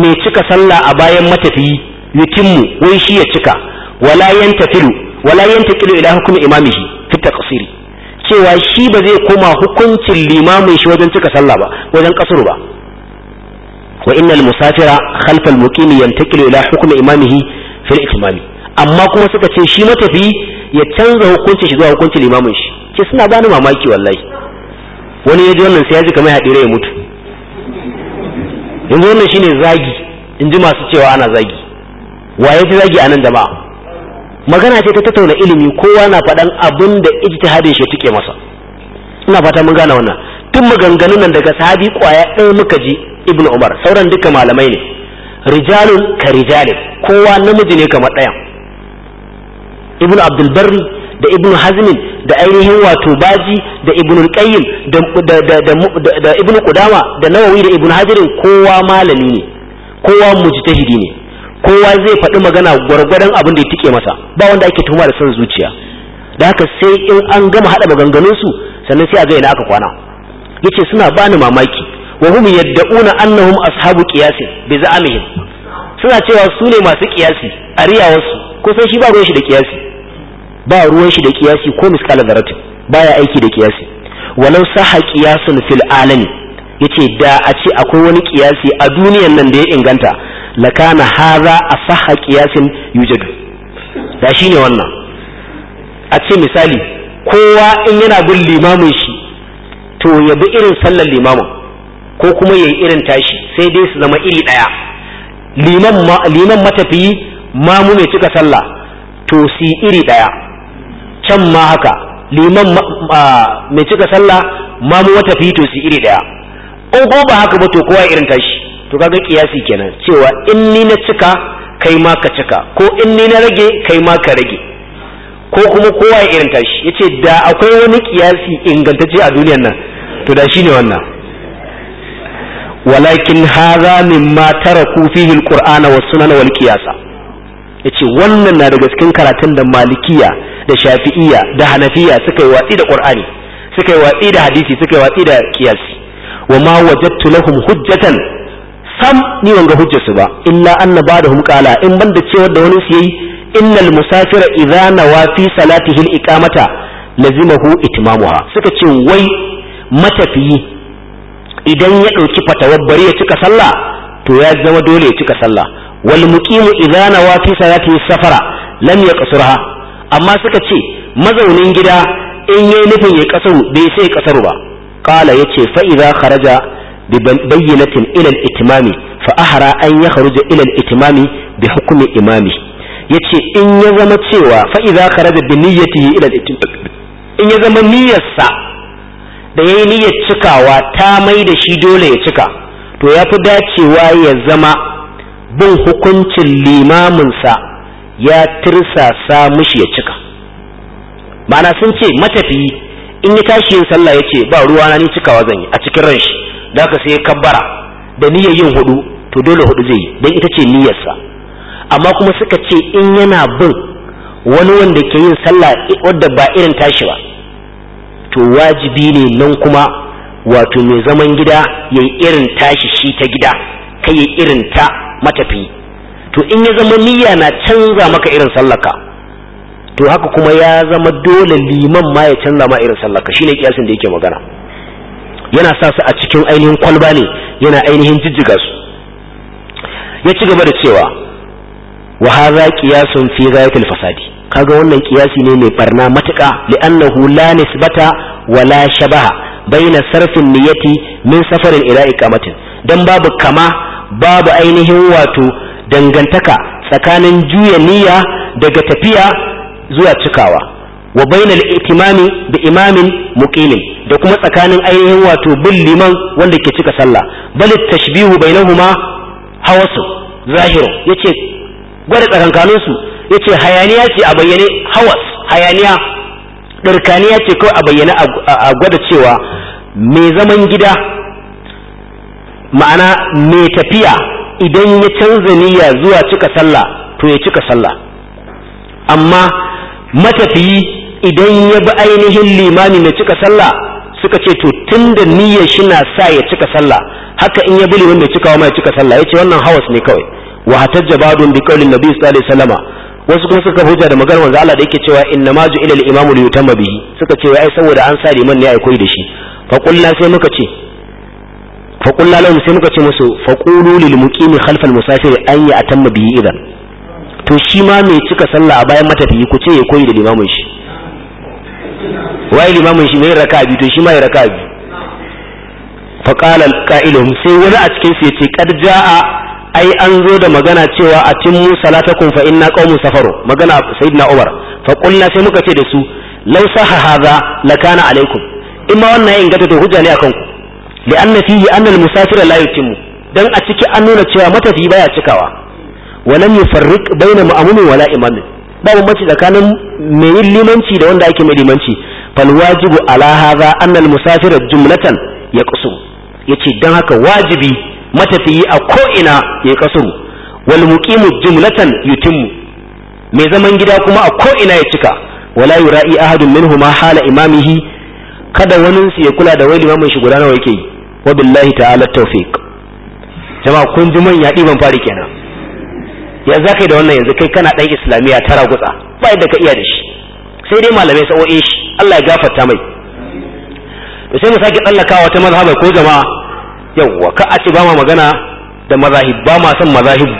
mai cika sallah a bayan matafiyi yutimmu wai shi ya cika wala yantafilu wala yantaqilu ila hukmi fi taqsiri cewa shi ba zai koma hukuncin limamin shi wajen cika sallah ba wajen kasar ba wa innal musafira khalf al muqimi yantaqilu ila hukm imamihi fil itmami amma kuma suka ce shi matafi ya canza hukuncin shi zuwa hukuncin limamin shi ce suna bani mamaki wallahi wani yaji wannan sai ya ji kamar dire ya mutu yanzu wannan shine zagi inji masu cewa ana zagi waye zagi a nan jama'a magana ce ta tattauna ilimi kowa na faɗan abin da ijtihadin shi tike masa ina fata mun gane wannan tun maganganun nan daga sahabi kwaya ɗaya muka ji ibnu umar sauran duka malamai ne rijalun ka rijalin kowa namiji ne kamar ɗayan ibnu abdul barri da ibnu hazmin da ainihin wato baji da ibnu qayyim da da da da, da ibnu qudama da nawawi da ibnu hajarin kowa malami ne kowa mujtahidi ne kowa zai faɗi magana gwargwadon abin da ya tike masa ba wanda ake tuhuma da son zuciya da haka sai in an gama haɗa maganganun su sannan sai a ga ina aka kwana yace suna bani mamaki wa hum yad'una annahum ashabu qiyasin bi za'amihim suna cewa su ne masu qiyasi a riyawarsu ko sai shi ba ruwan shi da qiyasi ba ruwan shi da qiyasi ko miskal zaratin baya aiki da qiyasi walau saha qiyasun fil alami yace da a ce akwai wani qiyasi a duniyar nan da ya inganta lakana haza asahha qiyasin yujadu da shine wannan a ce misali kowa in yana bin limamin shi to ya bi irin sallar limamin ko kuma yayi irin tashi sai dai su zama iri daya liman liman matafiyi mamu mai cika sallah to su iri daya can ma haka liman mai cika sallah mamu matafiyi to su iri daya ko ba haka ba to kowa irin tashi to kaga kiyasi kenan cewa in ni na cika kai ma ka cika ko in ni na rage kai ma ka rage ko kuma kowa ya irin tashi yace da akwai wani kiyasi ingantacce a duniyar nan to da shine wannan walakin hadha mimma taraku fihi alqur'ana was sunan wal qiyasa yace wannan na daga cikin karatun da malikiya da shafi'iyya da hanafiya suka yi watsi da qur'ani suka yi watsi da hadisi suka yi watsi da qiyasi wa ma wajadtu lahum hujjatan Kam ni ban ga hujjarsu ba illa anna ba'dahum qala in banda cewa da wani su yayi innal musafira idza nawa fi salatihi al-iqamata lazimahu itmamuha suka ce wai matafiyi idan ya dauki fatawar bari ya cika sallah to ya zama dole ya cika sallah wal muqimu idza nawa fi salatihi safara lam yaqsurha amma suka ce mazaunin gida in yayi nufin ya kasaru bai sai kasaru ba qala yace fa idza kharaja bayyinatin ilal itimami fa ahara an ya kharuja ilal itimami bi hukumi imami yace in ya zama cewa fa idza kharaja bi niyyatihi ilal itimami in ya zama niyyarsa da yayi niyyar cikawa ta mai da shi dole ya cika to ya fi dacewa ya zama bin hukuncin limaminsa ya tirsasa mushi ya cika ma'ana sun ce matafiyi in ya tashi yin sallah ya ce ba ruwa na ni cikawa zan yi a cikin ran shi da ka sai kabbara da niyyar yin hudu to dole hudu zai yi don ita ce niyyarsa amma kuma suka ce in yana bin wani wanda ke yin sallah wadda ba irin tashi ba to wajibi ne nan kuma wato mai zaman gida yayi irin tashi shi ta gida kai yayi irin ta matafi to in ya zama niyya na canza maka irin sallaka to haka kuma ya zama dole liman ma ya canza ma irin sallaka shine kiyasin da yake magana yana sa su a cikin ainihin kwalba ne yana ainihin jijjiga su ya ci gaba da cewa wa hadha qiyasun fi ghayatil fasadi kaga wannan qiyasi ne mai barna matuka li'annahu la nisbata wa la shabaha baina sarfin niyyati min safarin ila iqamatin dan babu kama babu ainihin wato dangantaka tsakanin juya niyya daga tafiya zuwa cikawa wa bainal itimami bi imamin muqimin da kuma tsakanin ainihin wato bin liman wanda ke cika sallah bal tashbihu bainahuma hawasu zahiru yace gwada tsakankanin su yace hayaniya ce a bayyane hawas hayaniya dirkaniya ce kawai a bayyane a gwada cewa mai zaman gida ma'ana mai tafiya idan ya canza niyya zuwa cika sallah to ya cika sallah amma matafiyi idan ya bi ainihin limani na cika sallah suka ce to tunda niyyar shi na sa ya cika sallah haka in ya bi limani mai cikawa ma ya cika sallah yace wannan hawas ne kawai wa hatajja badun bi qaulin nabi sallallahu alaihi wasallama wasu kuma suka hujja da maganar wanzu Allah da yake cewa inna ma ila al imam li yutamma bihi suka ce ai saboda an sa liman ne ai koyi da shi fa qulna sai muka ce fa qulna lahum sai muka ce musu fa qulu lil muqimi khalf al-musafir an ya atamma bihi idan to shi ma mai cika sallah a bayan matafiyi ku ce ya koyi da limamin shi wai limamin shi mai raka'a biyu to shi ma ya raka'a biyu fa qala qa'iluhum sai wani a cikin su yace kad jaa ai an zo da magana cewa a atimmu salatakum fa inna qaumu safaru magana sayyidina Umar fa qulna sai muka ce da su law saha hadha lakana alaikum imma wannan yayin gata to hujja ne akan ku anna fihi anna al musafir la yutimmu dan a ciki an nuna cewa matafi baya cikawa Wa ولم يفرق بين مأمون wala imamin. Babu mace tsakanin mai yin limanci da wanda ake mai limanci fal wajibu ala hadha anna al musafira jumlatan yaqsuru yace dan haka wajibi matafiyi a ko ina ya kasuru wal muqimu jumlatan yutimmu mai zaman gida kuma a ko ina ya cika wala yura'i ahadun minhuma hala imamihi kada wani su ya kula da wani limamin shi guda nawa yake yi wa billahi ta'ala tawfiq jama'a kun ji manya diban fari kenan ya za da wannan yanzu kai kana ɗan islamiyya ta ragutsa ba yadda ka iya da shi sai dai malamai sa'o'in shi Allah ya gafarta mai to sai mu sake tsallakawa ta mazhabai ko jama'a yawwa ka a ba ma magana da mazahib ba ma mazahib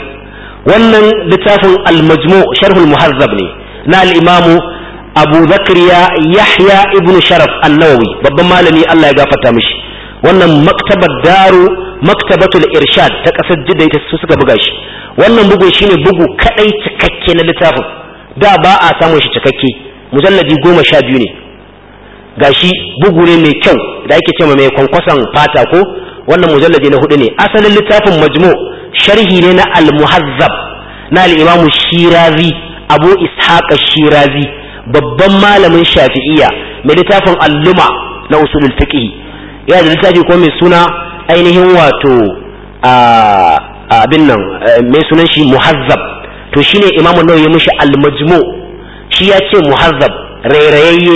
wannan littafin al-majmu sharhul muhazzab ne na al-imamu abu zakariya yahya ibnu sharaf an-nawawi babban malami Allah ya gafarta mishi wannan maktabar daru maktabatul irshad ta kasar jidda ita su suka buga shi wannan bugun shine bugu kadai cikakke na littafin da ba a samun shi cikakke mujalladi goma sha biyu ne gashi bugu ne mai kyau da ake cewa mai kwankwason fata ko wannan mujallaji na hudu ne asalin littafin majmu sharhi ne na al na al shirazi abu ishaq shirazi babban malamin shafi'iyya mai littafin alluma na usulul fiqh yana da littafi ko mai suna ainihin wato a ah, abin nan eh, mai sunan shi muhazzab to shine imamu nawawi mishi almajmu shi ya ce muhazzab rairayayye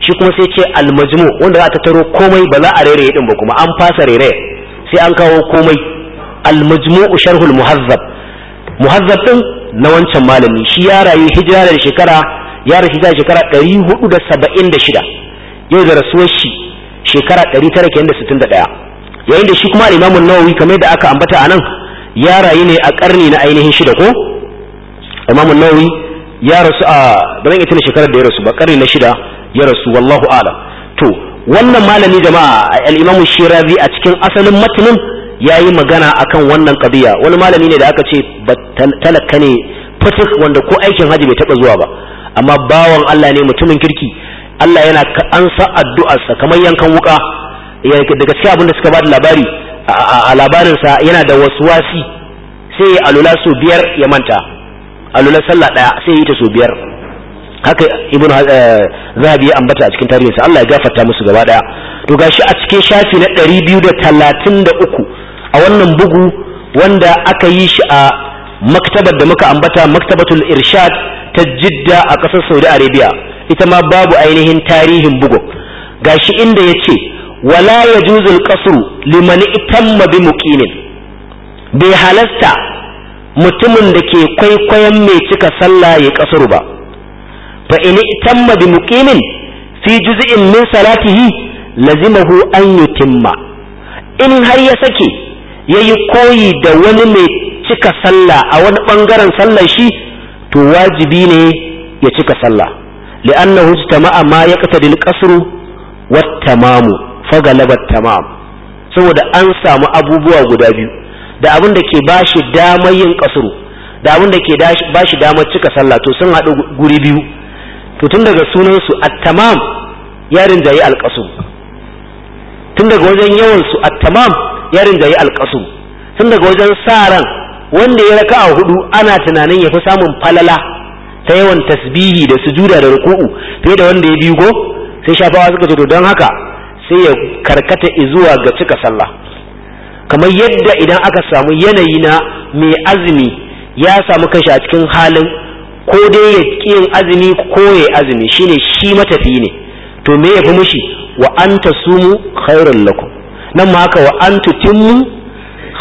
shi kuma sai ce almajmu wanda za ta taro komai ba za a rairaye din ba kuma an fasa rairaye sai an kawo komai almajmu sharhul muhazzab muhazzab din na wancan malami shi ya rayu hijira da shekara ya rasu da shekara 476 yau da rasuwar shi shekara 961 yayin da shi kuma al-imamu nawawi kamar da aka ambata anan ya rayu ne a karni na ainihin shida ko imamun nawawi ya rasu a ba zan iya shekarar da ya rasu ba karni na shida ya rasu wallahu alam to wannan malami jama'a al-imam shirazi a cikin asalin ya yayi magana akan wannan qadiya wani malami ne da aka ce talaka ne fatik wanda ko aikin hajji bai taɓa zuwa ba amma bawan Allah ne mutumin kirki Allah yana an sa addu'arsa kamar yankan wuka daga cikin abin da suka ba da labari a labarinsa yana da waswasi sai ya alula so biyar ya manta alula sallah daya sai ya yi ta so biyar haka ibn eh, zahabi ya ambata a cikin tarihinsa Allah ya gafarta musu gaba daya to gashi a cikin shafi na 233 a wannan bugu wanda aka yi shi a maktabar da muka ambata maktabatul irshad ta jidda a ƙasar saudi arabia ita ma babu ainihin tarihin bugu gashi inda ya ce wala yajuzu al limani liman itamma bi muqimin bai halarta mutumin da ke kwaikwayon mai cika sallah ya kasuru ba fa in itamma bi muqimin fi juz'in min salatihi lazimahu an yutimma in har ya sake yayi koyi da wani mai cika sallah a wani bangaren sallar shi to wajibi ne ya cika sallah li'annahu jtama'a ma yaqtadi al-qasru wat tamamu fagalabat tamam saboda an samu abubuwa guda biyu da abin da ke bashi damar yin kasuru da abin da ke bashi damar cika sallah to sun haɗu guri biyu to tun daga sunansu at-tamam ya yi alƙasu tun daga wajen yawansu at-tamam ya yi alƙasu tun daga wajen sa ran wanda ya raka a hudu ana tunanin ya fi samun falala ta yawan tasbihi da sujuda da ruku'u fiye da wanda ya biyu go sai shafawa suka ce to don haka sai ya karkata zuwa ga cika sallah kamar yadda idan aka samu yanayi na mai azumi ya samu kashi a cikin halin ko dai ya yin azumi ko ya azumi shine shi matafi ne to me ya fi mushi wa an tasumu khairun lakum nan ma haka wa an tutimmu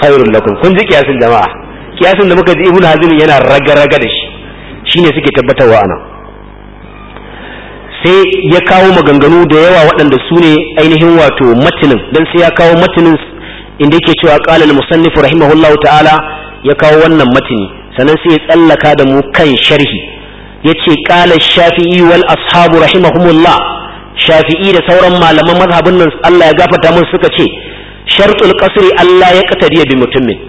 khairun lakum kun ji kiyasin jama'a kiyasin da muka ji ibnu hazmi yana raga raga da shi shine suke tabbatarwa anan sai ya kawo maganganu da yawa waɗanda su ne ainihin wato matinin don sai ya kawo matinin inda yake cewa qala al-musannif rahimahullahu ta'ala ya kawo wannan matini sannan sai ya tsallaka da mu kan sharhi yace qala shafi'i wal ashabu rahimahumullah shafi'i da sauran malaman mazhabin nan Allah ya gafarta mun suka ce shartul qasri Allah ya qatariya bi mutumin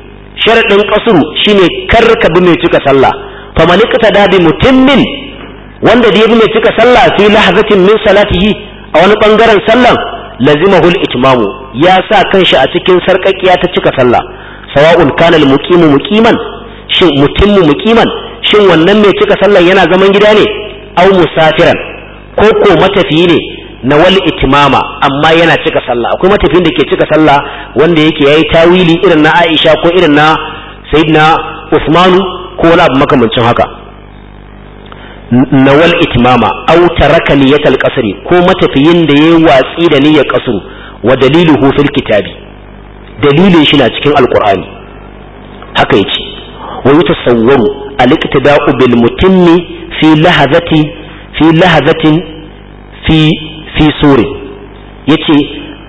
sharadin qasru shine karka bi mai cika sallah faman qata da bi mutumin wanda da yabi mai cika sallah fi lahzatin min salatihi a wani bangaren sallan lazimahu al-itmamu ya sa kanshi a cikin sarkakiya ta cika sallah sawa'un kana al-muqimu muqiman shin mutimmu muqiman shin wannan mai cika sallan yana zaman gida ne aw musafiran ko ko matafiyi ne na wal itimama amma yana cika sallah akwai matafiyin da ke cika sallah wanda yake yayi tawili irin na Aisha ko irin na Sayyidina Usmanu ko wani abu makamancin haka nawal itmama aw taraka niyatal qasri ko matafiyin da yayi watsi da niyyar qasru wa daliluhu fil kitabi dalilin shi na cikin alqur'ani haka yace wa yutasawwaru al-iqtida'u bil mutimmi fi lahazati fi lahazatin fi fi suri yace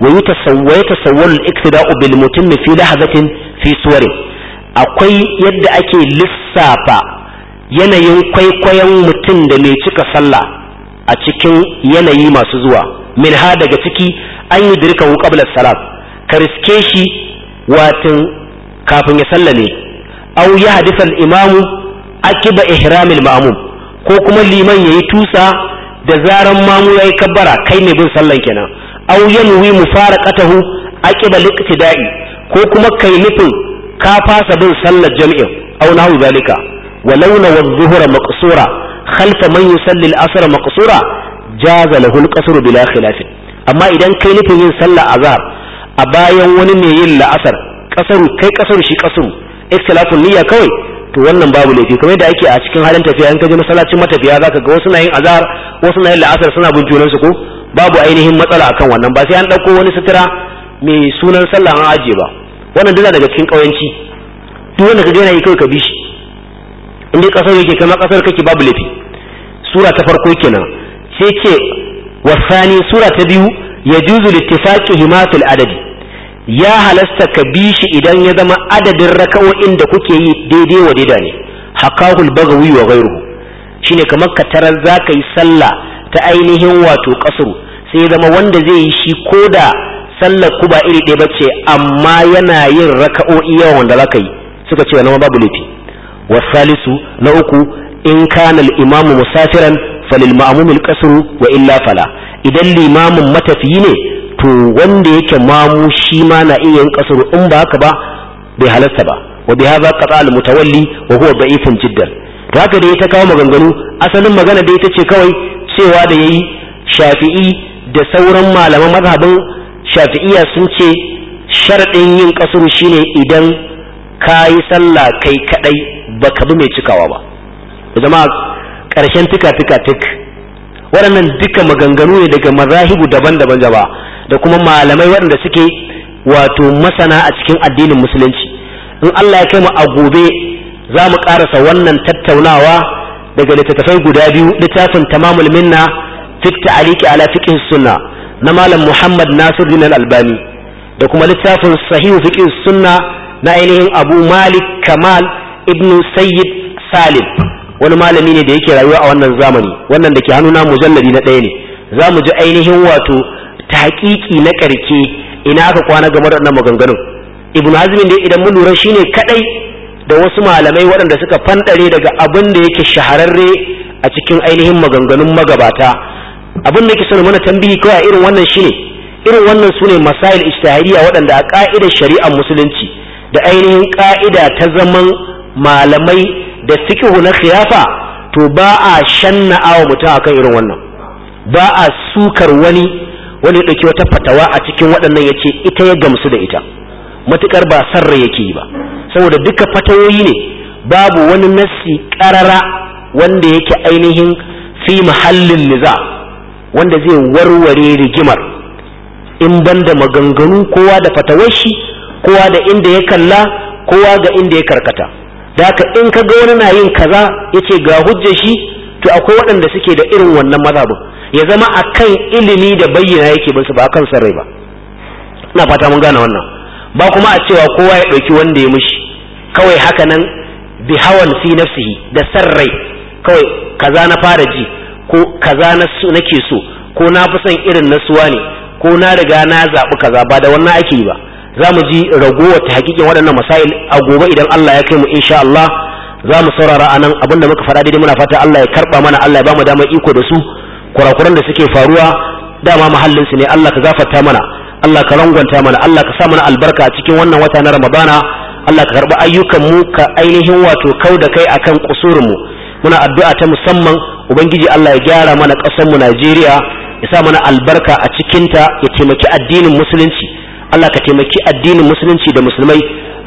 wa yutasawwaru al-iqtida'u bil mutimmi fi lahazatin fi suri akwai yadda ake lissafa yanayin kwaikwayon mutum da mai cika sallah a cikin yanayi masu zuwa min ha daga ciki an yi dirka hu qabla salat ka riske shi watan kafin ya sallame ne. ya hadisan imamu akiba ihramil ma'mum ko kuma liman yayi tusa da zaran mamu yayi kabbara kai ne bin sallan kenan aw yanwi mufaraqatahu akiba liqtida'i ko kuma kai nufin ka fasa bin sallar jami'in aw nahu zalika walau na zuhura maqsura khalfa man yusalli al-asr maqsura jaza lahu al-qasru bila khilaf amma idan kai nufin yin sallah azar a bayan wani ne yin la'asar kasaru kai kasaru shi kasaru ikhtilafun niyya kawai to wannan babu laifi kamar da ake a cikin halin tafiya in ka je masallacin matafiya zaka ga wasu na yin azhar wasu na yin la'asar suna bin junansu ko babu ainihin matsala akan wannan ba sai an ɗauko wani sutura mai sunan sallah an ajiye ba wannan duk daga cikin ƙauyanci duk wanda ka ga kawai ka bi shi dai kasar yake kama kasar kake babu laifi sura ta farko kenan sai ce wasani sura ta biyu ya juzu littifaqi himatul adadi ya halasta ka bi shi idan ya zama adadin raka'o'in da kuke yi daidai wa daida ne hakahul bagawi wa gairu. shine kamar ka tarar zaka yi sallah ta ainihin wato kasaru sai ya zama wanda zai yi shi ko da sallar ku ba iri ɗaya ba ce amma yana yin raka'o'i yawan wanda zaka yi suka ce wannan babu laifi wasalisu na uku in kana al-imamu musafiran falil ma'mum al wa illa fala idan limamin matafiyi ne to wanda yake mamu shi ma na iya yin qasru in ba haka ba bai halarta ba wa bi hadha qata al-mutawalli wa huwa da'ifun jiddan to haka dai ta kawo maganganu asalin magana da ita ce kawai cewa da yayi shafi'i da sauran malaman mazhabin shafi'iya sun ce sharadin yin qasru shine idan ka yi sallah kai kadai ka bi mai cikawa ba zama ƙarshen tuka tuka tik waɗannan duka maganganu ne daga mazahibu daban-daban jaba da kuma malamai waɗanda suke wato masana a cikin addinin musulunci in Allah ya kai mu a gobe za mu ƙarasa wannan tattaunawa daga littattafai guda biyu littafin tamamul minna fit ta'aliki ala fiqh sunna na malam Muhammad Nasiruddin Albani da kuma littafin sahihu fiqh sunna na ainihin abu malik kamal ibn sayyid salim wani malami ne da yake rayuwa a wannan zamani wannan da ke hannuna mujalladi na ɗaya ne za mu ji ainihin wato ta taƙiƙi na ƙarke ina aka kwana game da wannan maganganun ibn hazmin da idan mun lura shine kaɗai da wasu malamai waɗanda suka fanɗare daga abin da yake shahararre a cikin ainihin maganganun magabata abin da ke son mana tambihi kawai irin wannan shine irin wannan su ne masail ijtihadiyya waɗanda a ƙa'idar shari'ar musulunci da ainihin ƙa'ida ta zaman malamai da fikihu na khilafa to ba a shanna awa mutum akan irin wannan ba a sukar wani wani ya ɗauki wata fatawa a cikin waɗannan ya ce ita ya gamsu da ita matuƙar ba sarra yake yi ba saboda duka fatawoyi ne babu wani nassi ƙarara wanda yake ainihin fi muhallin niza wanda zai warware rigimar in banda maganganu kowa da fatawar shi. kowa da inda ya kalla kowa ga inda ya karkata da haka in ka ga wani na yin kaza yace ga hujja shi to akwai waɗanda suke da irin wannan mazhabin ya zama akan ilimi da bayyana yake bin su ba akan sarrai ba ina fata mun gane wannan ba kuma a cewa kowa ya ɗauki wanda ya mishi kawai haka nan bi hawan fi nafsihi da sarrai kawai kaza na fara ji ko kaza na nake so ko na fi son irin na suwa ne ko na riga na zaɓi kaza ba da wannan ake yi ba za mu ji ragowar ta hakikin waɗannan masail a gobe idan Allah ya kai mu insha Allah za mu saurara anan abin da muka faɗa daidai muna fata Allah ya karɓa mana Allah ya ba mu damar iko da su kurakuran da suke faruwa dama muhallin su ne Allah ka gafarta mana Allah ka rangwanta mana Allah ka sa mana albarka a cikin wannan wata na Ramadana Allah ka karɓi ayyukan mu ka ainihin wato kau da kai akan kusurin mu muna addu'a ta musamman ubangiji Allah ya gyara mana ƙasar mu Najeriya ya sa mana albarka a cikinta ya taimaki addinin musulunci Allah ka taimaki addinin musulunci da musulmai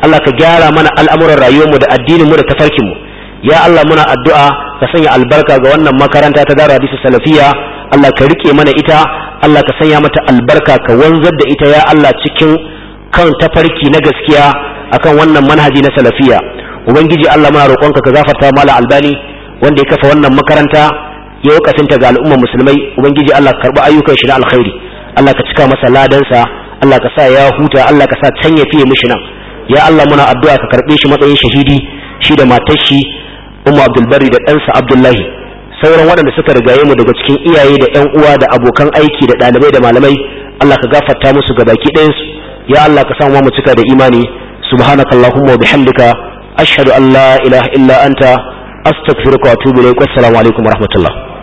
Allah ka gyara mana al'amuran rayuwarmu da addinin mu da tafarkinmu ya Allah muna addu'a ka sanya albarka ga wannan makaranta ta dara su salafiya Allah ka rike mana ita Allah ka sanya mata albarka ka wanzar da ita ya Allah cikin kan tafarki na gaskiya akan wannan manhaji na salafiya ubangiji Allah muna roƙonka ka gafarta mala albani wanda ya kafa wannan makaranta ya wakafinta ga al'ummar musulmai ubangiji Allah ka karɓi ayyukan shi na alkhairi Allah ka cika masa ladansa Allah ka sa ya huta Allah ka sa can ya fiye mishi nan ya Allah muna addu'a ka karbe shi matsayin shahidi shi da matar shi Abdulbari da ɗansa Abdullahi sauran waɗanda suka rigaye mu daga cikin iyaye da ƴan uwa da abokan aiki da ɗalibai da malamai Allah ka gafarta musu ga baki ɗayan su ya Allah ka sa mu cika da imani subhanakallahumma wa bihamdika ashhadu an la ilaha illa anta astaghfiruka wa atubu ilaik assalamu alaikum wa rahmatullah